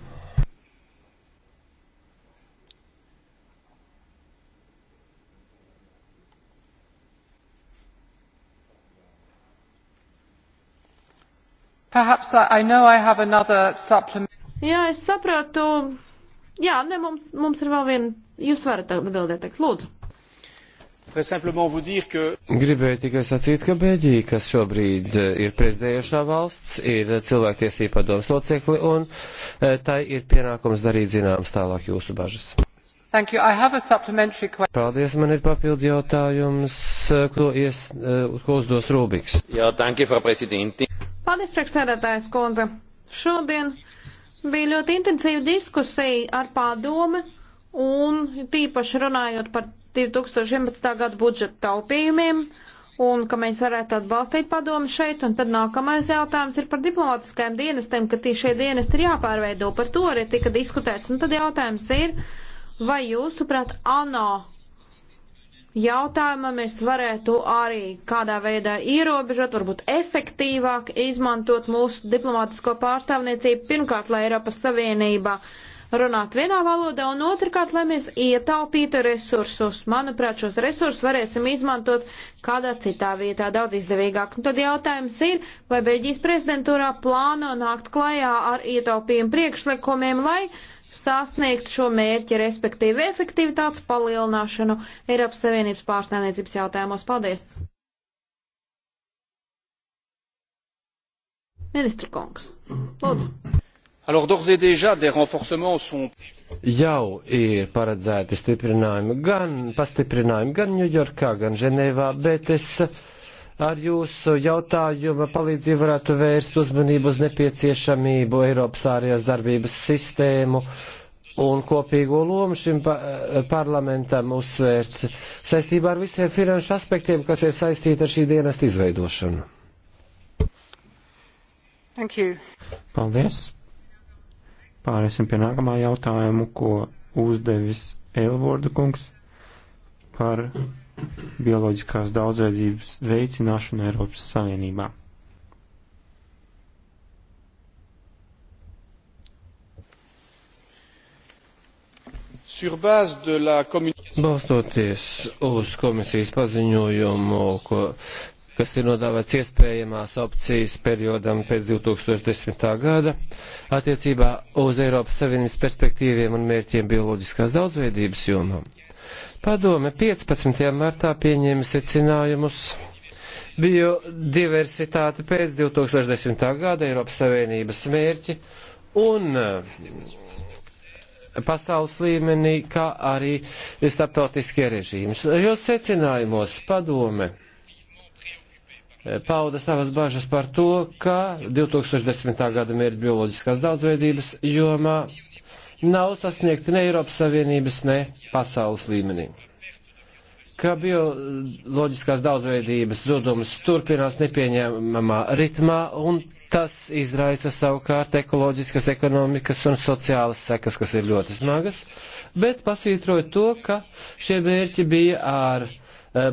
A: Perhaps I know I have another supplement.
B: Jā, es sapratu, Jā, ne, mums, mums ir vēl viena. Jūs varat atbildēt, teikt, lūdzu.
A: Gribēju tikai sacīt, ka Beļģija, kas šobrīd eh, ir prezidējošā valsts, ir cilvēktiesība padomas locekli, un eh, tai ir pienākums darīt zināmas tālāk jūsu bažas. Paldies, man ir papildi jautājums, eh, ko, ies, ko uzdos Rūbiks.
B: Jā, tanki, Frau Prezidenti. Paldies, priekšsēdētājs kundze. Šodien Bija ļoti intensīva diskusija ar pārdomi un tīpaši runājot par 2011. gadu budžeta taupījumiem un ka mēs varētu atbalstīt padomu šeit. Un tad nākamais jautājums ir par diplomātiskajiem dienestiem, ka tie šie dienesti ir jāpārveido. Par to arī tika diskutēts. Un tad jautājums ir, vai jūsuprāt ANO jautājumā mēs varētu arī kādā veidā ierobežot, varbūt efektīvāk izmantot mūsu diplomātisko pārstāvniecību. Pirmkārt, lai Eiropas Savienība runātu vienā valodā, un otrkārt, lai mēs ietaupītu resursus. Manuprāt, šos resursus varēsim izmantot kādā citā vietā daudz izdevīgāk. Un tad jautājums ir, vai Beļģijas prezidentūrā plāno nākt klajā ar ietaupījumu priekšlikumiem, lai sasniegt šo mērķi, respektīvi efektivitātes palielināšanu Eiropas Savienības pārstāvniecības jautājumos. Paldies! Ministra kungs, lūdzu.
A: Alors, d'ores et déjà, des renforcements sont jau ir paredzēti stiprinājumi gan pastiprinājumi gan Ņujorkā, gan Ženēvā, bet es uh, ar jūsu jautājumu palīdzību varētu vērst uzmanību uz nepieciešamību Eiropas ārējās darbības sistēmu un kopīgo lomu šim parlamentam uzsvērts saistībā ar visiem finanšu aspektiem, kas ir saistīti ar šī dienesta izveidošanu.
B: Thank you.
C: Paldies. Pāriesim pie nākamā jautājumu, ko uzdevis Elvorda kungs par bioloģiskās daudzveidības veicināšanu Eiropas Savienībā.
A: Balstoties uz komisijas paziņojumu, ko, kas ir nodāvāts iespējamās opcijas periodam pēc 2010. gada, attiecībā uz Eiropas Savienības perspektīviem un mērķiem bioloģiskās daudzveidības jomām. Padome 15. martā pieņēma secinājumus biodiversitāte pēc 2010. gada Eiropas Savienības mērķi un eh, pasaules līmenī, kā arī starptautiskie režīmi. Jūs secinājumos padome eh, pauda savas bažas par to, ka 2010. gada mērķi bioloģiskās daudzveidības jomā nav sasniegti ne Eiropas Savienības, ne pasaules līmenī. Kā bioloģiskās daudzveidības zudums turpinās nepieņemamā ritmā un tas izraisa savukārt ekoloģiskas, ekonomikas un sociālas sekas, kas ir ļoti smagas, bet pasvītroja to, ka šie mērķi bija ar e,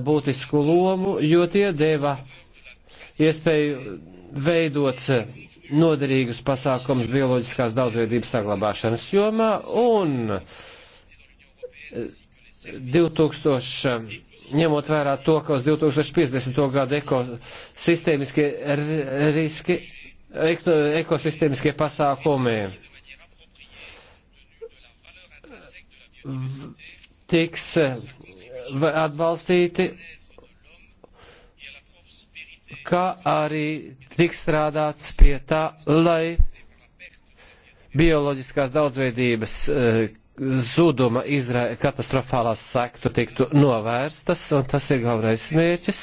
A: būtisku lomu, jo tie deva iespēju veidot noderīgus pasākumus bioloģiskās daudzveidības saglabāšanas jomā un 2000, eh, eh, ņemot vērā to, ka uz 2050. gadu ekosistēmiskie riski, ekosistēmiskie pasākumi tiks eh, atbalstīti kā arī tiks strādāts pie tā, lai bioloģiskās daudzveidības eh, zuduma izra... katastrofālās sektu tiktu novērstas, un tas ir galvenais mērķis,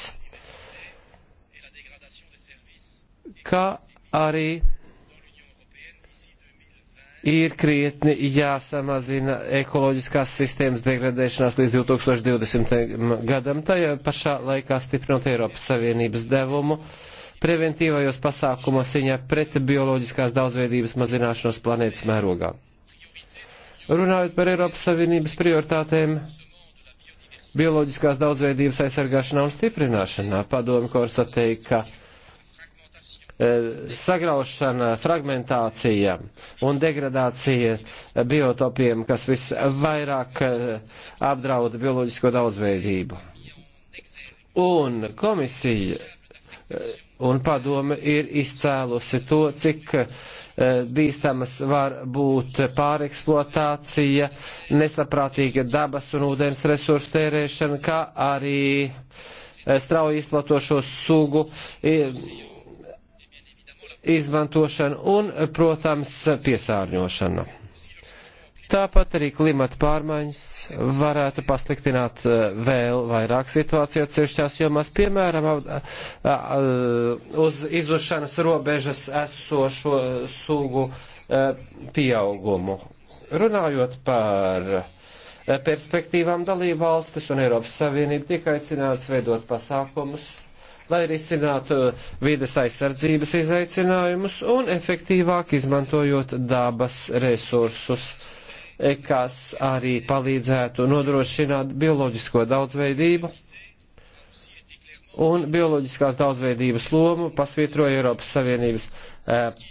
A: kā arī ir krietni jāsamazina ekoloģiskās sistēmas degradēšanās līdz 2020. gadam, tajā pašā laikā stiprinot Eiropas Savienības devumu preventīvajos pasākumos ciņā pret bioloģiskās daudzveidības mazināšanos planētas mērogā. Runājot par Eiropas Savienības prioritātēm, bioloģiskās daudzveidības aizsargāšanā un stiprināšanā, padomi konstatēja, ka Eh, sagraušana, fragmentācija un degradācija biotopiem, kas visvairāk eh, apdrauda bioloģisko daudzveidību. Un komisija eh, un padome ir izcēlusi to, cik bīstamas var būt pāreksploatācija, nesaprātīga dabas un ūdens resursu tērēšana, kā arī strauji izplatošo sugu izmantošana un, protams, piesārņošana. Tāpat arī klimata pārmaiņas varētu pasliktināt e, vēl vairāk situāciju atsevišķās jomās, piemēram, uz izušanas robežas esošo sugu e, pieaugumu. Runājot par e, perspektīvām dalībvalstis un Eiropas Savienību, tika aicināts veidot pasākumus lai risinātu uh, vides aizsardzības izaicinājumus un efektīvāk izmantojot dabas resursus, eh, kas arī palīdzētu nodrošināt bioloģisko daudzveidību un bioloģiskās daudzveidības lomu pasvietroja Eiropas Savienības eh,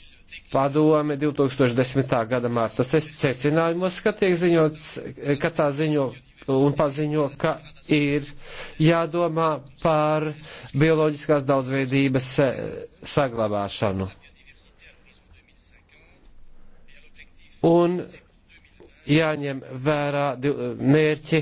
A: padome 2010. gada martā. Es secinājumos, ka tiek ziņots, eh, ka tā ziņo un paziņo, ka ir jādomā par bioloģiskās daudzveidības eh, saglabāšanu. Un jāņem vērā mērķi,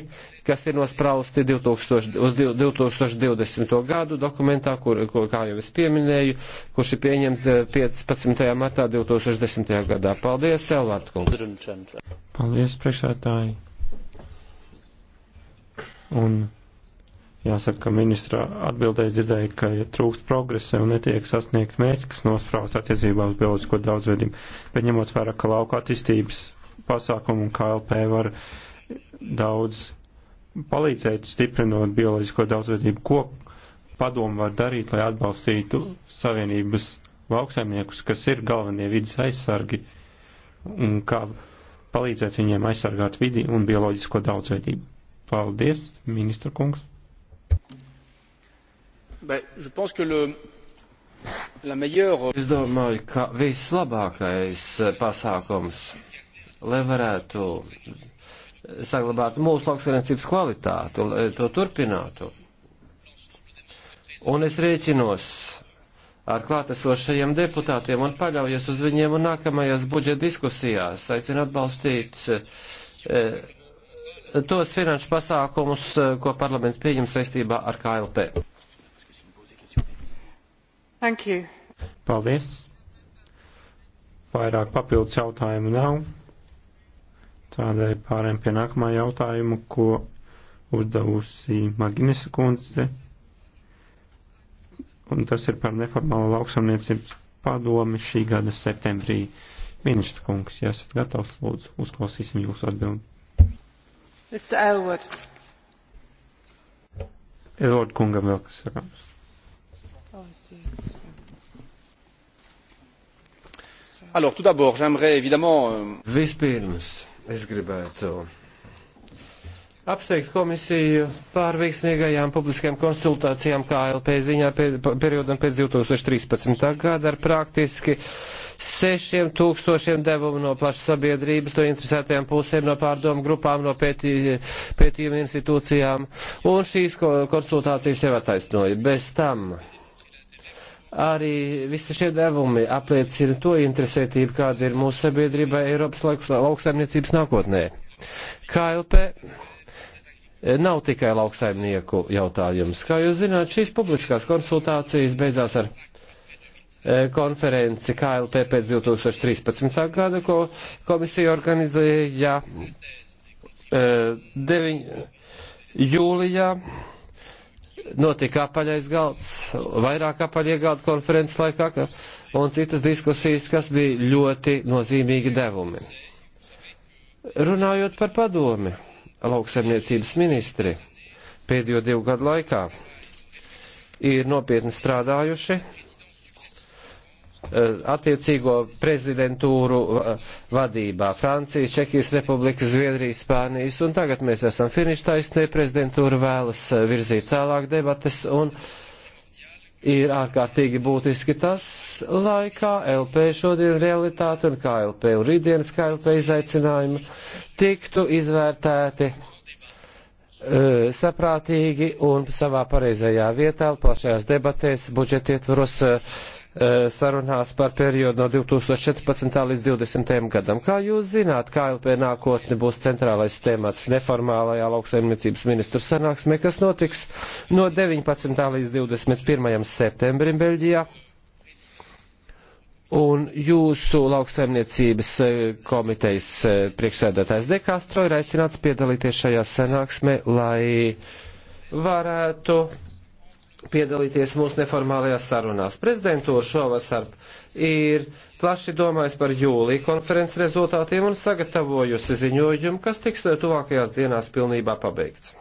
A: kas ir nosprausti 2000, uz 2020. gadu dokumentā, kur, kur, kā jau es pieminēju, kurš ir pieņems 15. Eh, martā 2010. gadā. Paldies, Elvārds Kungs!
C: Paldies, priekšētāji! Un jāsaka, ka ministra atbildēs dzirdēja, ka ja trūkst progresa un netiek sasniegt mērķi, kas nosprauc attiecībā uz bioloģisko daudzveidību. Bet ņemot vērā, ka lauka attīstības pasākumu un KLP var daudz palīdzēt stiprinot bioloģisko daudzveidību, ko padomu var darīt, lai atbalstītu savienības lauksaimniekus, kas ir galvenie vidas aizsargi, un kā palīdzēt viņiem aizsargāt vidi un bioloģisko daudzveidību. Paldies, ministra kungs.
A: Be, Es domāju, ka vislabākais pasākums, lai varētu saglabāt mūsu lauksaimniecības kvalitāti, lai to turpinātu. Un es rēķinos ar klātesošajiem deputātiem un paļaujos uz viņiem un nākamajās budžeta diskusijās aicinu atbalstīt. Eh, tos finanšu pasākumus, eh, ko parlaments
C: pieņem saistībā ar KLP. Thank you. Paldies. Vairāk papildus jautājumu nav. Tādēļ pārējām pie nākamā jautājuma, ko uzdevusi Magnisa kundze. Un tas ir par neformālo lauksamniecības padomi šī gada septembrī. Ministra kungs, ja esat gatavs, lūdzu, uzklausīsim jūsu atbildi.
A: Elvod.
C: Elvod kungam vēl kas sakāms.
A: Oh, Alors, tout d'abord, j'aimerais évidemment. Euh, Vispirms, es gribētu apsveikt komisiju par veiksmīgajām publiskajām konsultācijām KLP ziņā periodam pēc 2013. gada ar praktiski 6000 devumu no plašas sabiedrības, no interesētajām pusēm, no pārdomu grupām, no pētī, pētījuma institūcijām, un šīs konsultācijas jau attaisnoja. Bez tam arī visi šie devumi apliecina to interesētību, kāda ir mūsu sabiedrībai Eiropas lauksaimniecības nākotnē. KLP Eh, nav tikai lauksaimnieku jautājums. Kā jūs zināt, šīs publiskās konsultācijas beidzās ar eh, konferenci KLP pēc 2013. gada, ko komisija organizēja 9. Eh, jūlijā. Notika apaļais galds, vairāk apaļie galda konferences laikā un citas diskusijas, kas bija ļoti nozīmīgi devumi. Runājot par padomi lauksaimniecības ministri pēdējo divu gadu laikā ir nopietni strādājuši eh, attiecīgo prezidentūru eh, vadībā Francijas, Čehijas Republikas, Zviedrijas, Spānijas, un tagad mēs esam finištaisnē, prezidentūra vēlas eh, virzīt tālāk debates, un uh, ir ārkārtīgi būtiski tas, lai KLP šodien realitāte un KLP un rītdienas KLP izaicinājumi tiktu izvērtēti e, saprātīgi un savā pareizajā vietā, plašajās debatēs, budžetietvaros. E, Eh, sarunās par periodu no 2014. līdz 2020. gadam. Kā jūs zināt, KLP nākotne būs centrālais temats neformālajā lauksaimniecības ministru sanāksmē, kas notiks no 19. līdz 21. septembrim Beļģijā. Un jūsu lauksaimniecības eh, komitejas eh, priekšsēdētājs Dekastro ir aicināts piedalīties šajā sanāksmē, lai varētu piedalīties mūsu neformālajās sarunās. Prezidentūra šovasar ir plaši domājis par jūlija konferences rezultātiem un sagatavojusi ziņojumu, kas tiks tuvākajās dienās pilnībā pabeigts.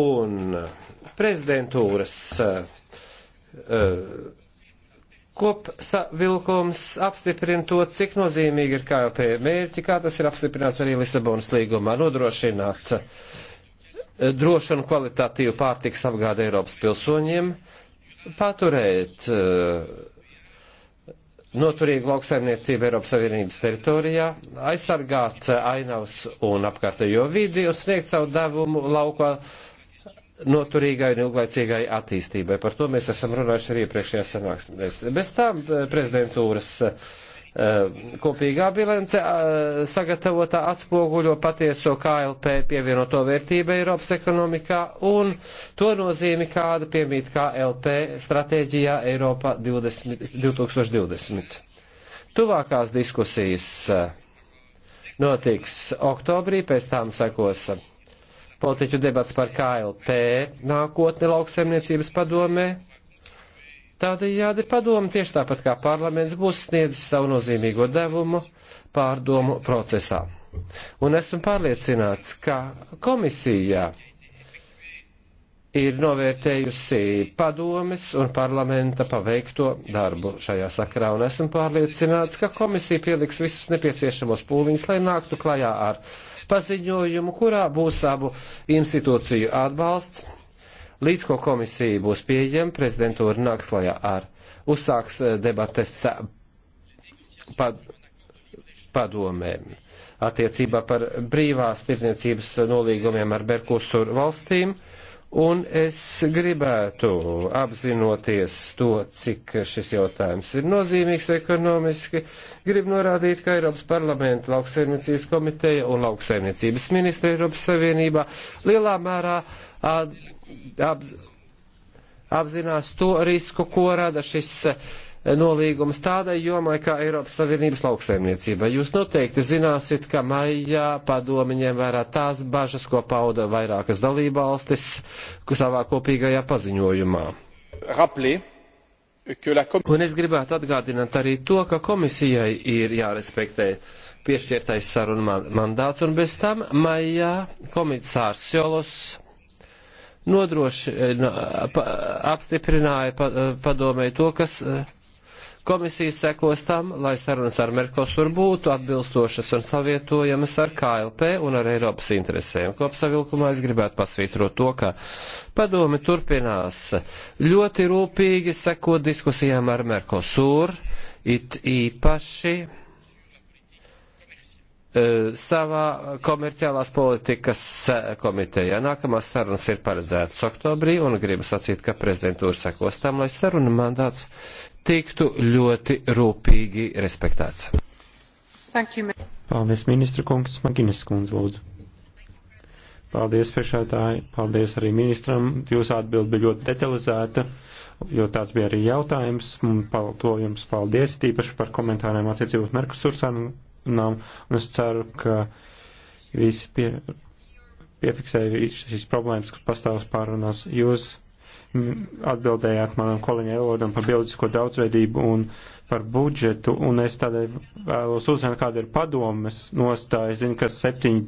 A: Un prezidentūras uh, uh, kopsavilkums apstiprina to, cik nozīmīgi ir KLP mērķi, kā tas ir apstiprināts arī Lisabonas līgumā, nodrošināt uh, Eh, drošu un kvalitatīvu pārtiks apgādi Eiropas pilsoņiem, paturēt eh, noturīgu lauksaimniecību Eiropas Savienības teritorijā, aizsargāt eh, ainavas un apkārtējo vidi un sniegt savu devumu lauko noturīgai un ilglaicīgai attīstībai. Par to mēs esam runājuši arī iepriekšējā sanāksmēs. Bez tām prezidentūras uh, Eh, kopīgā bilance eh, sagatavotā atspoguļo patieso KLP pievienoto vērtību Eiropas ekonomikā un to nozīmi, kāda piemīt KLP stratēģijā Eiropā 20, 2020. Tuvākās diskusijas eh, notiks oktobrī, pēc tām sekos politiķu debats par KLP nākotni lauksaimniecības padomē Tādējādi padomu tieši tāpat kā parlaments būs sniedzis savu nozīmīgo devumu pārdomu procesā. Un esmu pārliecināts, ka komisijā ir novērtējusi padomes un parlamenta paveikto darbu šajā sakarā, un esmu pārliecināts, ka komisija pieliks visus nepieciešamos pūliņus, lai nāktu klajā ar paziņojumu, kurā būs abu institūciju atbalsts Līdz ko komisija būs pieejama, prezidentūra nāks klajā ar uzsāks eh, debates eh, pad, padomēm attiecībā par brīvās tirdzniecības nolīgumiem ar Berkusur valstīm. Un es gribētu apzinoties to, cik šis jautājums ir nozīmīgs ekonomiski, gribu norādīt, ka Eiropas parlamenta lauksaimniecības komiteja un lauksaimniecības ministra Eiropas Savienībā lielā mērā at ap, apzinās to risku, ko rada šis eh, nolīgums tādai jomai kā Eiropas Savienības lauksaimniecība. Jūs noteikti zināsiet, ka maijā padomiņiem vērā tās bažas, ko pauda vairākas dalībvalstis savā kopīgajā paziņojumā. Rappelez. Un es gribētu atgādināt arī to, ka komisijai ir jārespektē piešķirtais sarunu mandāts, un bez tam maijā komisārs Jolos nodrošina, eh, pa, apstiprināja eh, padomēju to, kas eh, komisijas sekos tam, lai sarunas ar Merkosur būtu atbilstošas un savietojamas ar KLP un ar Eiropas interesēm. Kopsavilkumā es gribētu pasvītrot to, ka padomi turpinās ļoti rūpīgi sekot diskusijām ar Merkosur, it īpaši E, savā komerciālās politikas komitejā. Nākamās sarunas ir paredzētas oktobrī, un gribu sacīt, ka prezidentūra sekos tam, lai saruna mandāts tiktu ļoti rūpīgi respektēts.
B: You,
C: paldies, ministra kungs, Maginis kundze, lūdzu. Paldies, priekšētāji, paldies arī ministram. Jūsu atbild bija ļoti detalizēta jo tāds bija arī jautājums. Par to jums paldies, tīpaši par komentāriem attiecībā uz Merkusur sarunām, un es ceru, ka visi pie, piefiksēja šīs problēmas, kas pastāv pārunās. Jūs atbildējāt manam kolēģi Elodam par bioloģisko daudzveidību un par budžetu, un es tādēļ vēlos uzzināt, kāda ir padomes nostāja. Es zinu, ka septiņi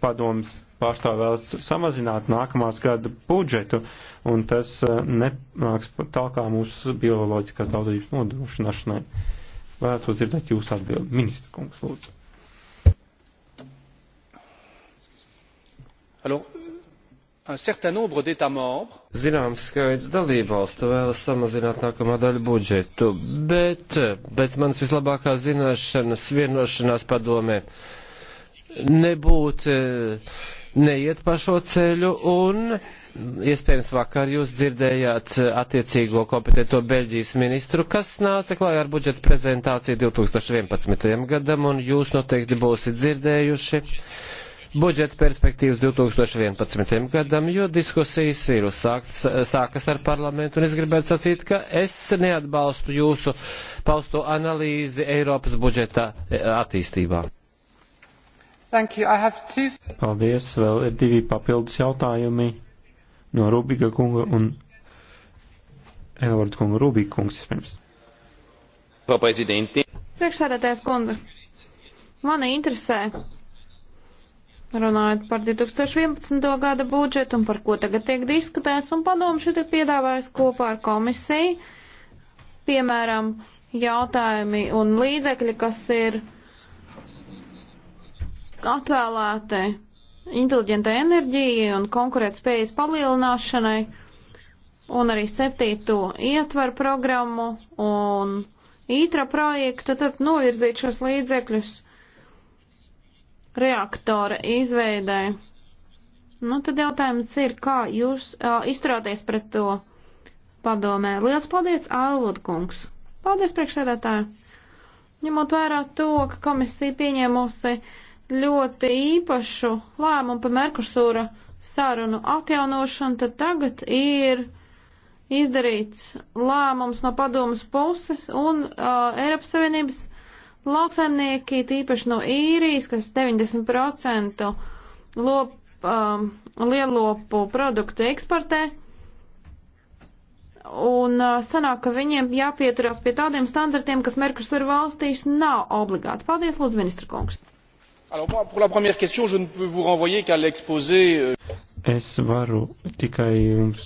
C: padomes pārstāv vēlas samazināt nākamās gada budžetu, un tas eh, nenāks tālāk mūsu bioloģiskās daudzības nodrošināšanai. Varētu dzirdēt jūsu atbildi. Ministra kungs, lūdzu.
A: Alors, un certain nombre d'États membres. Zināms skaits dalībvalstu vēlas samazināt nākamā daļa budžetu, bet eh, pēc manas vislabākās zināšanas vienošanās padomē nebūt, eh, neiet pa šo ceļu un Iespējams, vakar jūs dzirdējāt eh, attiecīgo kompetento Beļģijas ministru, kas nāca klājā ar budžeta prezentāciju 2011. gadam, un jūs noteikti būsiet dzirdējuši budžeta perspektīvas 2011. gadam, jo diskusijas ir uzsāktas, sākas ar parlamentu, un es gribētu sacīt, ka es neatbalstu jūsu pausto analīzi Eiropas budžeta eh, attīstībā. Two...
C: Paldies, vēl ir divi papildus jautājumi no Rubiga kunga un Elvarda kunga Rubiga kungs pirms.
B: Priekšsēdētājs kundze, mani interesē, runājot par 2011. gada budžetu un par ko tagad tiek diskutēts, un padomu šeit ir piedāvājis kopā ar komisiju, piemēram, jautājumi un līdzekļi, kas ir atvēlēti inteliģentai enerģijai un konkurētspējas palielināšanai, un arī septīto ietvaru programmu un ītra projektu, tad novirzīt šos līdzekļus reaktora izveidai. Nu, tad jautājums ir, kā jūs uh, izturāties pret to padomē. Liels paldies, Ailvud kungs! Paldies, priekšsēdētāji! Ņemot vērā to, ka komisija pieņēmusi uh, ļoti īpašu lēmumu par Merkursūra sarunu atjaunošanu, tad tagad ir izdarīts lēmums no padomas puses un uh, Eiropas Savienības lauksaimnieki, tīpaši no īrijas, kas 90% lop, um, lielopu produktu eksportē. Un uh, sanāk, ka viņiem jāpieturās pie tādiem standartiem, kas Merkursur valstīs nav obligāti. Paldies, Lūdzu, ministra kungs!
C: Pour la première question, je ne peux vous renvoyer qu'à l'exposé. Euh, es varu tikai jums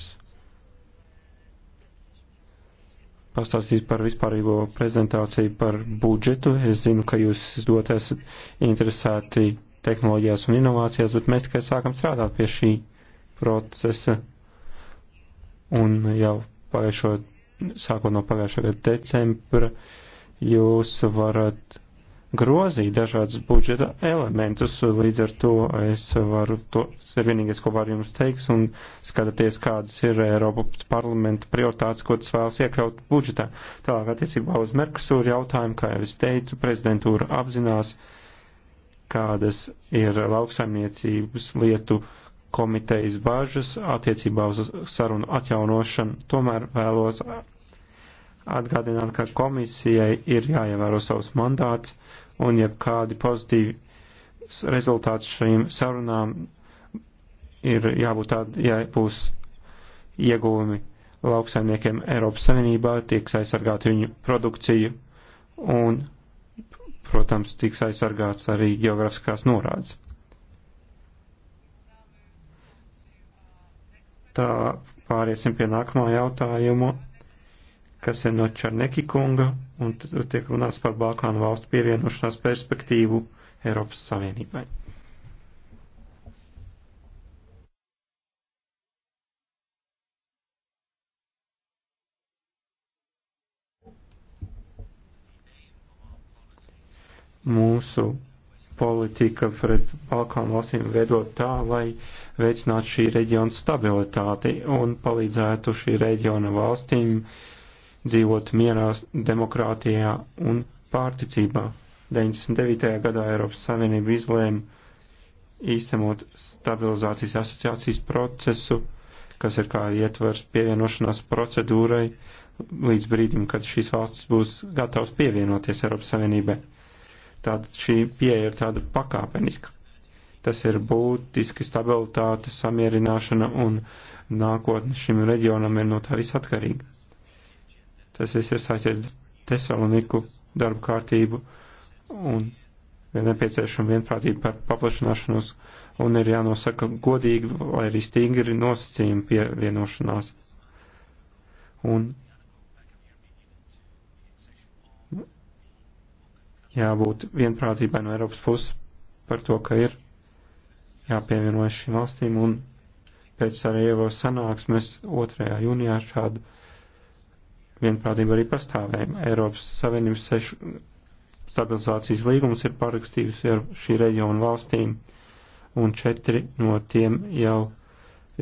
C: pastāstīt par vispārīgo prezentāciju par budžetu. Es zinu, ka jūs dot esat interesēti tehnoloģijās un inovācijās, bet mēs tikai sākam strādāt pie šī procesa. Un jau pagājušo, sākot no pagājušā gada decembra, jūs varat grozīja dažādas budžeta elementus, līdz ar to es varu, to ir vienīgais, ko varu jums teikt, un skatāties, kādas ir Eiropas parlamenta prioritātes, ko tas vēlas iekļaut budžetā. Tālāk attiecībā uz Merkusūru jautājumu, kā jau es teicu, prezidentūra apzinās, kādas ir lauksaimniecības lietu komitejas bažas attiecībā uz sarunu atjaunošanu. Tomēr vēlos atgādināt, ka komisijai ir jāievēro savs mandāts un jebkādi pozitīvi rezultāts šīm sarunām ir jābūt tādi, ja būs ieguvumi lauksaimniekiem Eiropas Savienībā, tiks aizsargāt viņu produkciju un, protams, tiks aizsargāts arī geografiskās norādes. Tā pāriesim pie nākamā jautājuma kas ir no Čarneki kunga, un tur tiek runāts par Balkānu valstu pievienošanās perspektīvu Eiropas Savienībai. Mūsu politika pret Balkānu valstīm veidot tā, lai veicinātu šī reģiona stabilitāti un palīdzētu šī reģiona valstīm uh, dzīvot mierā, demokrātijā un pārticībā. 99. gadā Eiropas Savienība izlēma īstenot stabilizācijas asociācijas procesu, kas ir kā ietvers pievienošanās procedūrai līdz brīdim, kad šīs valstis būs gatavas pievienoties Eiropas Savienībai. Tātad šī pieeja ir tāda pakāpeniska. Tas ir būtiski stabilitāte, samierināšana un nākotne šim reģionam ir no tā viss atkarīga. Tas viss ir saistīts ar Tesaloniku darbu kārtību un ir nepieciešama vienprātība par paplašināšanos un ir jānosaka godīgi vai arī stingri nosacījumi pievienošanās. Un jābūt vienprātībai no Eiropas puses par to, ka ir jāpievienojas šīm valstīm un pēc Sarajevo sanāksmes 2. jūnijā šādu vienprātība arī pastāvēja. Eiropas Savienības sešu stabilizācijas līgumus ir parakstījusi ar šī reģiona valstīm, un četri no tiem jau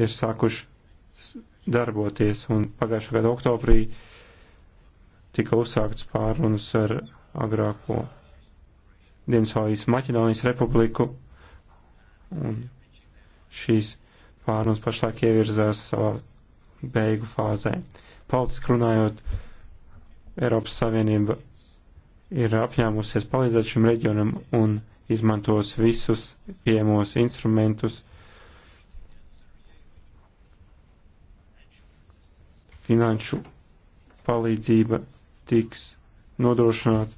C: ir sākuši darboties, un pagājušā gada oktobrī tika uzsākts pārunas ar agrāko Dienasvalijas Maķedonijas republiku, un šīs pārunas pašlaik ievirzās savā beigu fāzē. Uh, politiski runājot, Eiropas Savienība ir apņēmusies palīdzēt šim reģionam un izmantos visus pieejamos instrumentus finanšu palīdzība tiks nodrošināt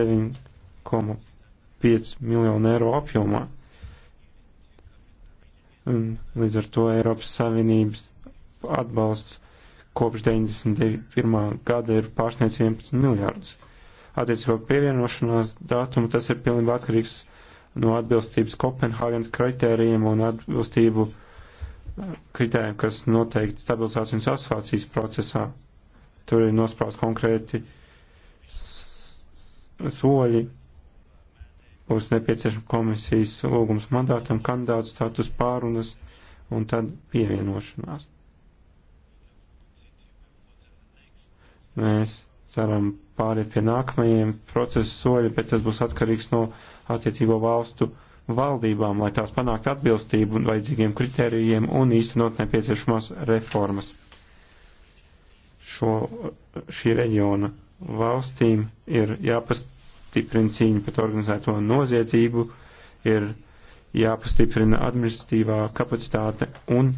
C: 9,5 miljonu eiro apjomā. Un līdz ar to Eiropas Savienības atbalsts kopš 91. gada ir pārsniedz 11 miljārdus. Attiecībā pievienošanās datumu tas ir pilnībā atkarīgs no atbilstības Kopenhāgenes kritērijiem un atbilstību eh, kritērijiem, kas noteikti stabilizācijas un asfācijas procesā. Tur ir nosprāst konkrēti soļi, būs nepieciešama komisijas lūgums mandātam, kandidāts status pārunas un tad pievienošanās. Mēs ceram pāriet pie nākamajiem procesu soļi, bet tas būs atkarīgs no attiecīgo valstu valdībām, lai tās panāktu atbilstību un vajadzīgiem kritērijiem un īstenot nepieciešamās reformas. Šo, šī reģiona valstīm ir jāpastiprina cīņa pret organizēto noziedzību, ir jāpastiprina administratīvā kapacitāte un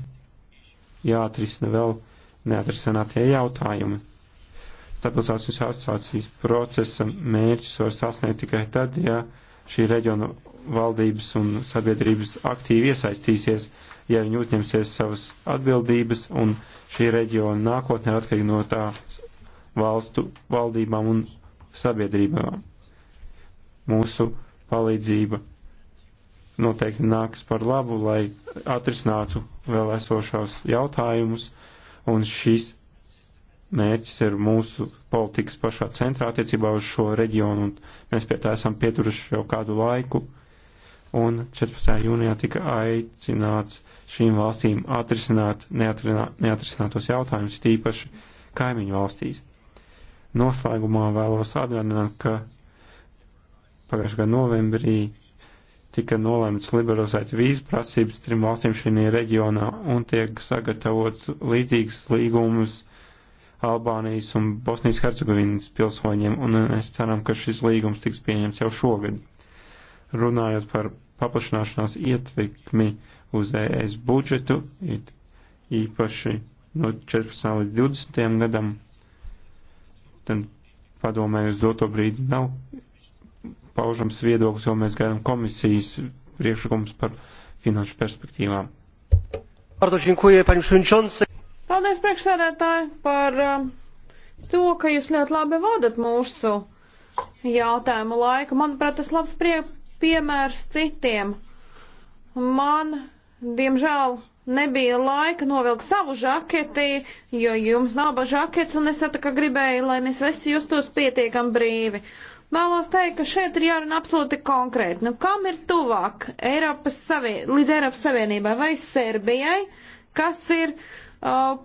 C: jāatrisina vēl neatrisinātie jautājumi. Stabilizācijas asociācijas procesa mērķus var sasniegt tikai tad, ja šī reģiona valdības un sabiedrības aktīvi iesaistīsies, ja viņi uzņemsies savas atbildības un šī reģiona nākotnē atkarīgi no tā valstu valdībām un sabiedrībām. Mūsu palīdzība noteikti nāks par labu, lai atrisinātu vēl esošos jautājumus, un šis mērķis ir mūsu politikas pašā centrā attiecībā uz šo reģionu, un mēs pie tā esam pieturuši jau kādu laiku. Un 14. jūnijā tika aicināts šīm valstīm atrisināt neatrisinātos jautājumus, tīpaši kaimiņu valstīs. Noslēgumā vēlos atgādināt, ka pagājušā gada novembrī tika nolēmts liberalizēt vīzu prasības trim valstīm šajā reģionā un tiek sagatavots līdzīgs līgums Albānijas un Bosnijas Hercegovinas pilsoņiem, un mēs ceram, ka šis līgums tiks pieņemts jau šogad. Runājot par paplašanāšanās ietvekmi uz ES budžetu, īpaši no 14. līdz 20. gadam, tad padomēju uz doto brīdi nav paužams viedoklis, jo mēs gaidām komisijas priekšlikums par finanšu perspektīvām. Bardzo dziękuję, panie przewodniczący.
B: Paldies, priekšsēdētāji, par um, to, ka jūs ļoti labi vadat mūsu jautājumu laiku. Manuprāt, tas labs prie, piemērs citiem. Man, diemžēl, nebija laika novilkt savu žaketi, jo jums nav žakets, un es tā kā gribēju, lai mēs visi justos pietiekam brīvi. Vēlos teikt, ka šeit ir jārunā absolūti konkrēti. Nu, kam ir tuvāk Eiropas Savien... līdz Eiropas Savienībai vai Serbijai, kas ir uh,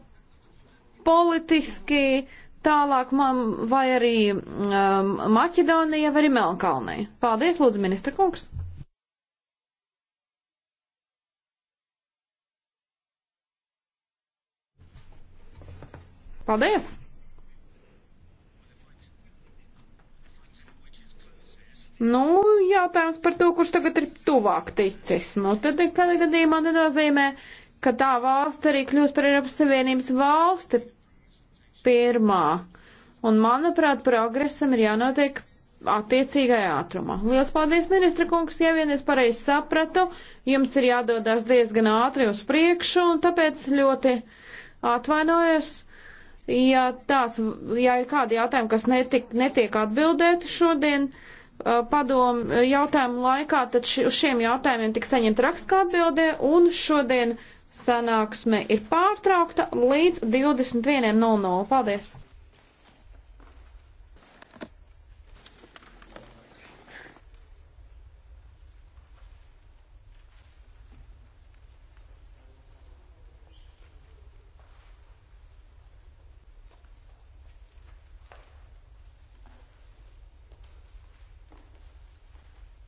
B: politiski tālāk man vai arī um, Maķedonija vai arī Melnkalnei. Paldies, lūdzu, ministra kungs. Paldies! Nu, jautājums par to, kurš tagad ir tuvāk ticis. Nu, tad nekādā gadījumā nenozīmē, ka tā valsts arī kļūs par Eiropas Savienības valsti pirmā. Un, manuprāt, progresam ir jānotiek attiecīgajā ātrumā. Lielas paldies, ministra kungs, ja vien es pareizi sapratu, jums ir jādodas diezgan ātri uz priekšu, un tāpēc ļoti atvainojos, ja, tās, ja ir kādi jautājumi, kas netik, netiek atbildēti šodien uh, padomu jautājumu laikā, tad ši, uz šiem jautājumiem tiks saņemta rakstā atbildē, un šodien sanāksme ir pārtraukta līdz 21.00. Paldies!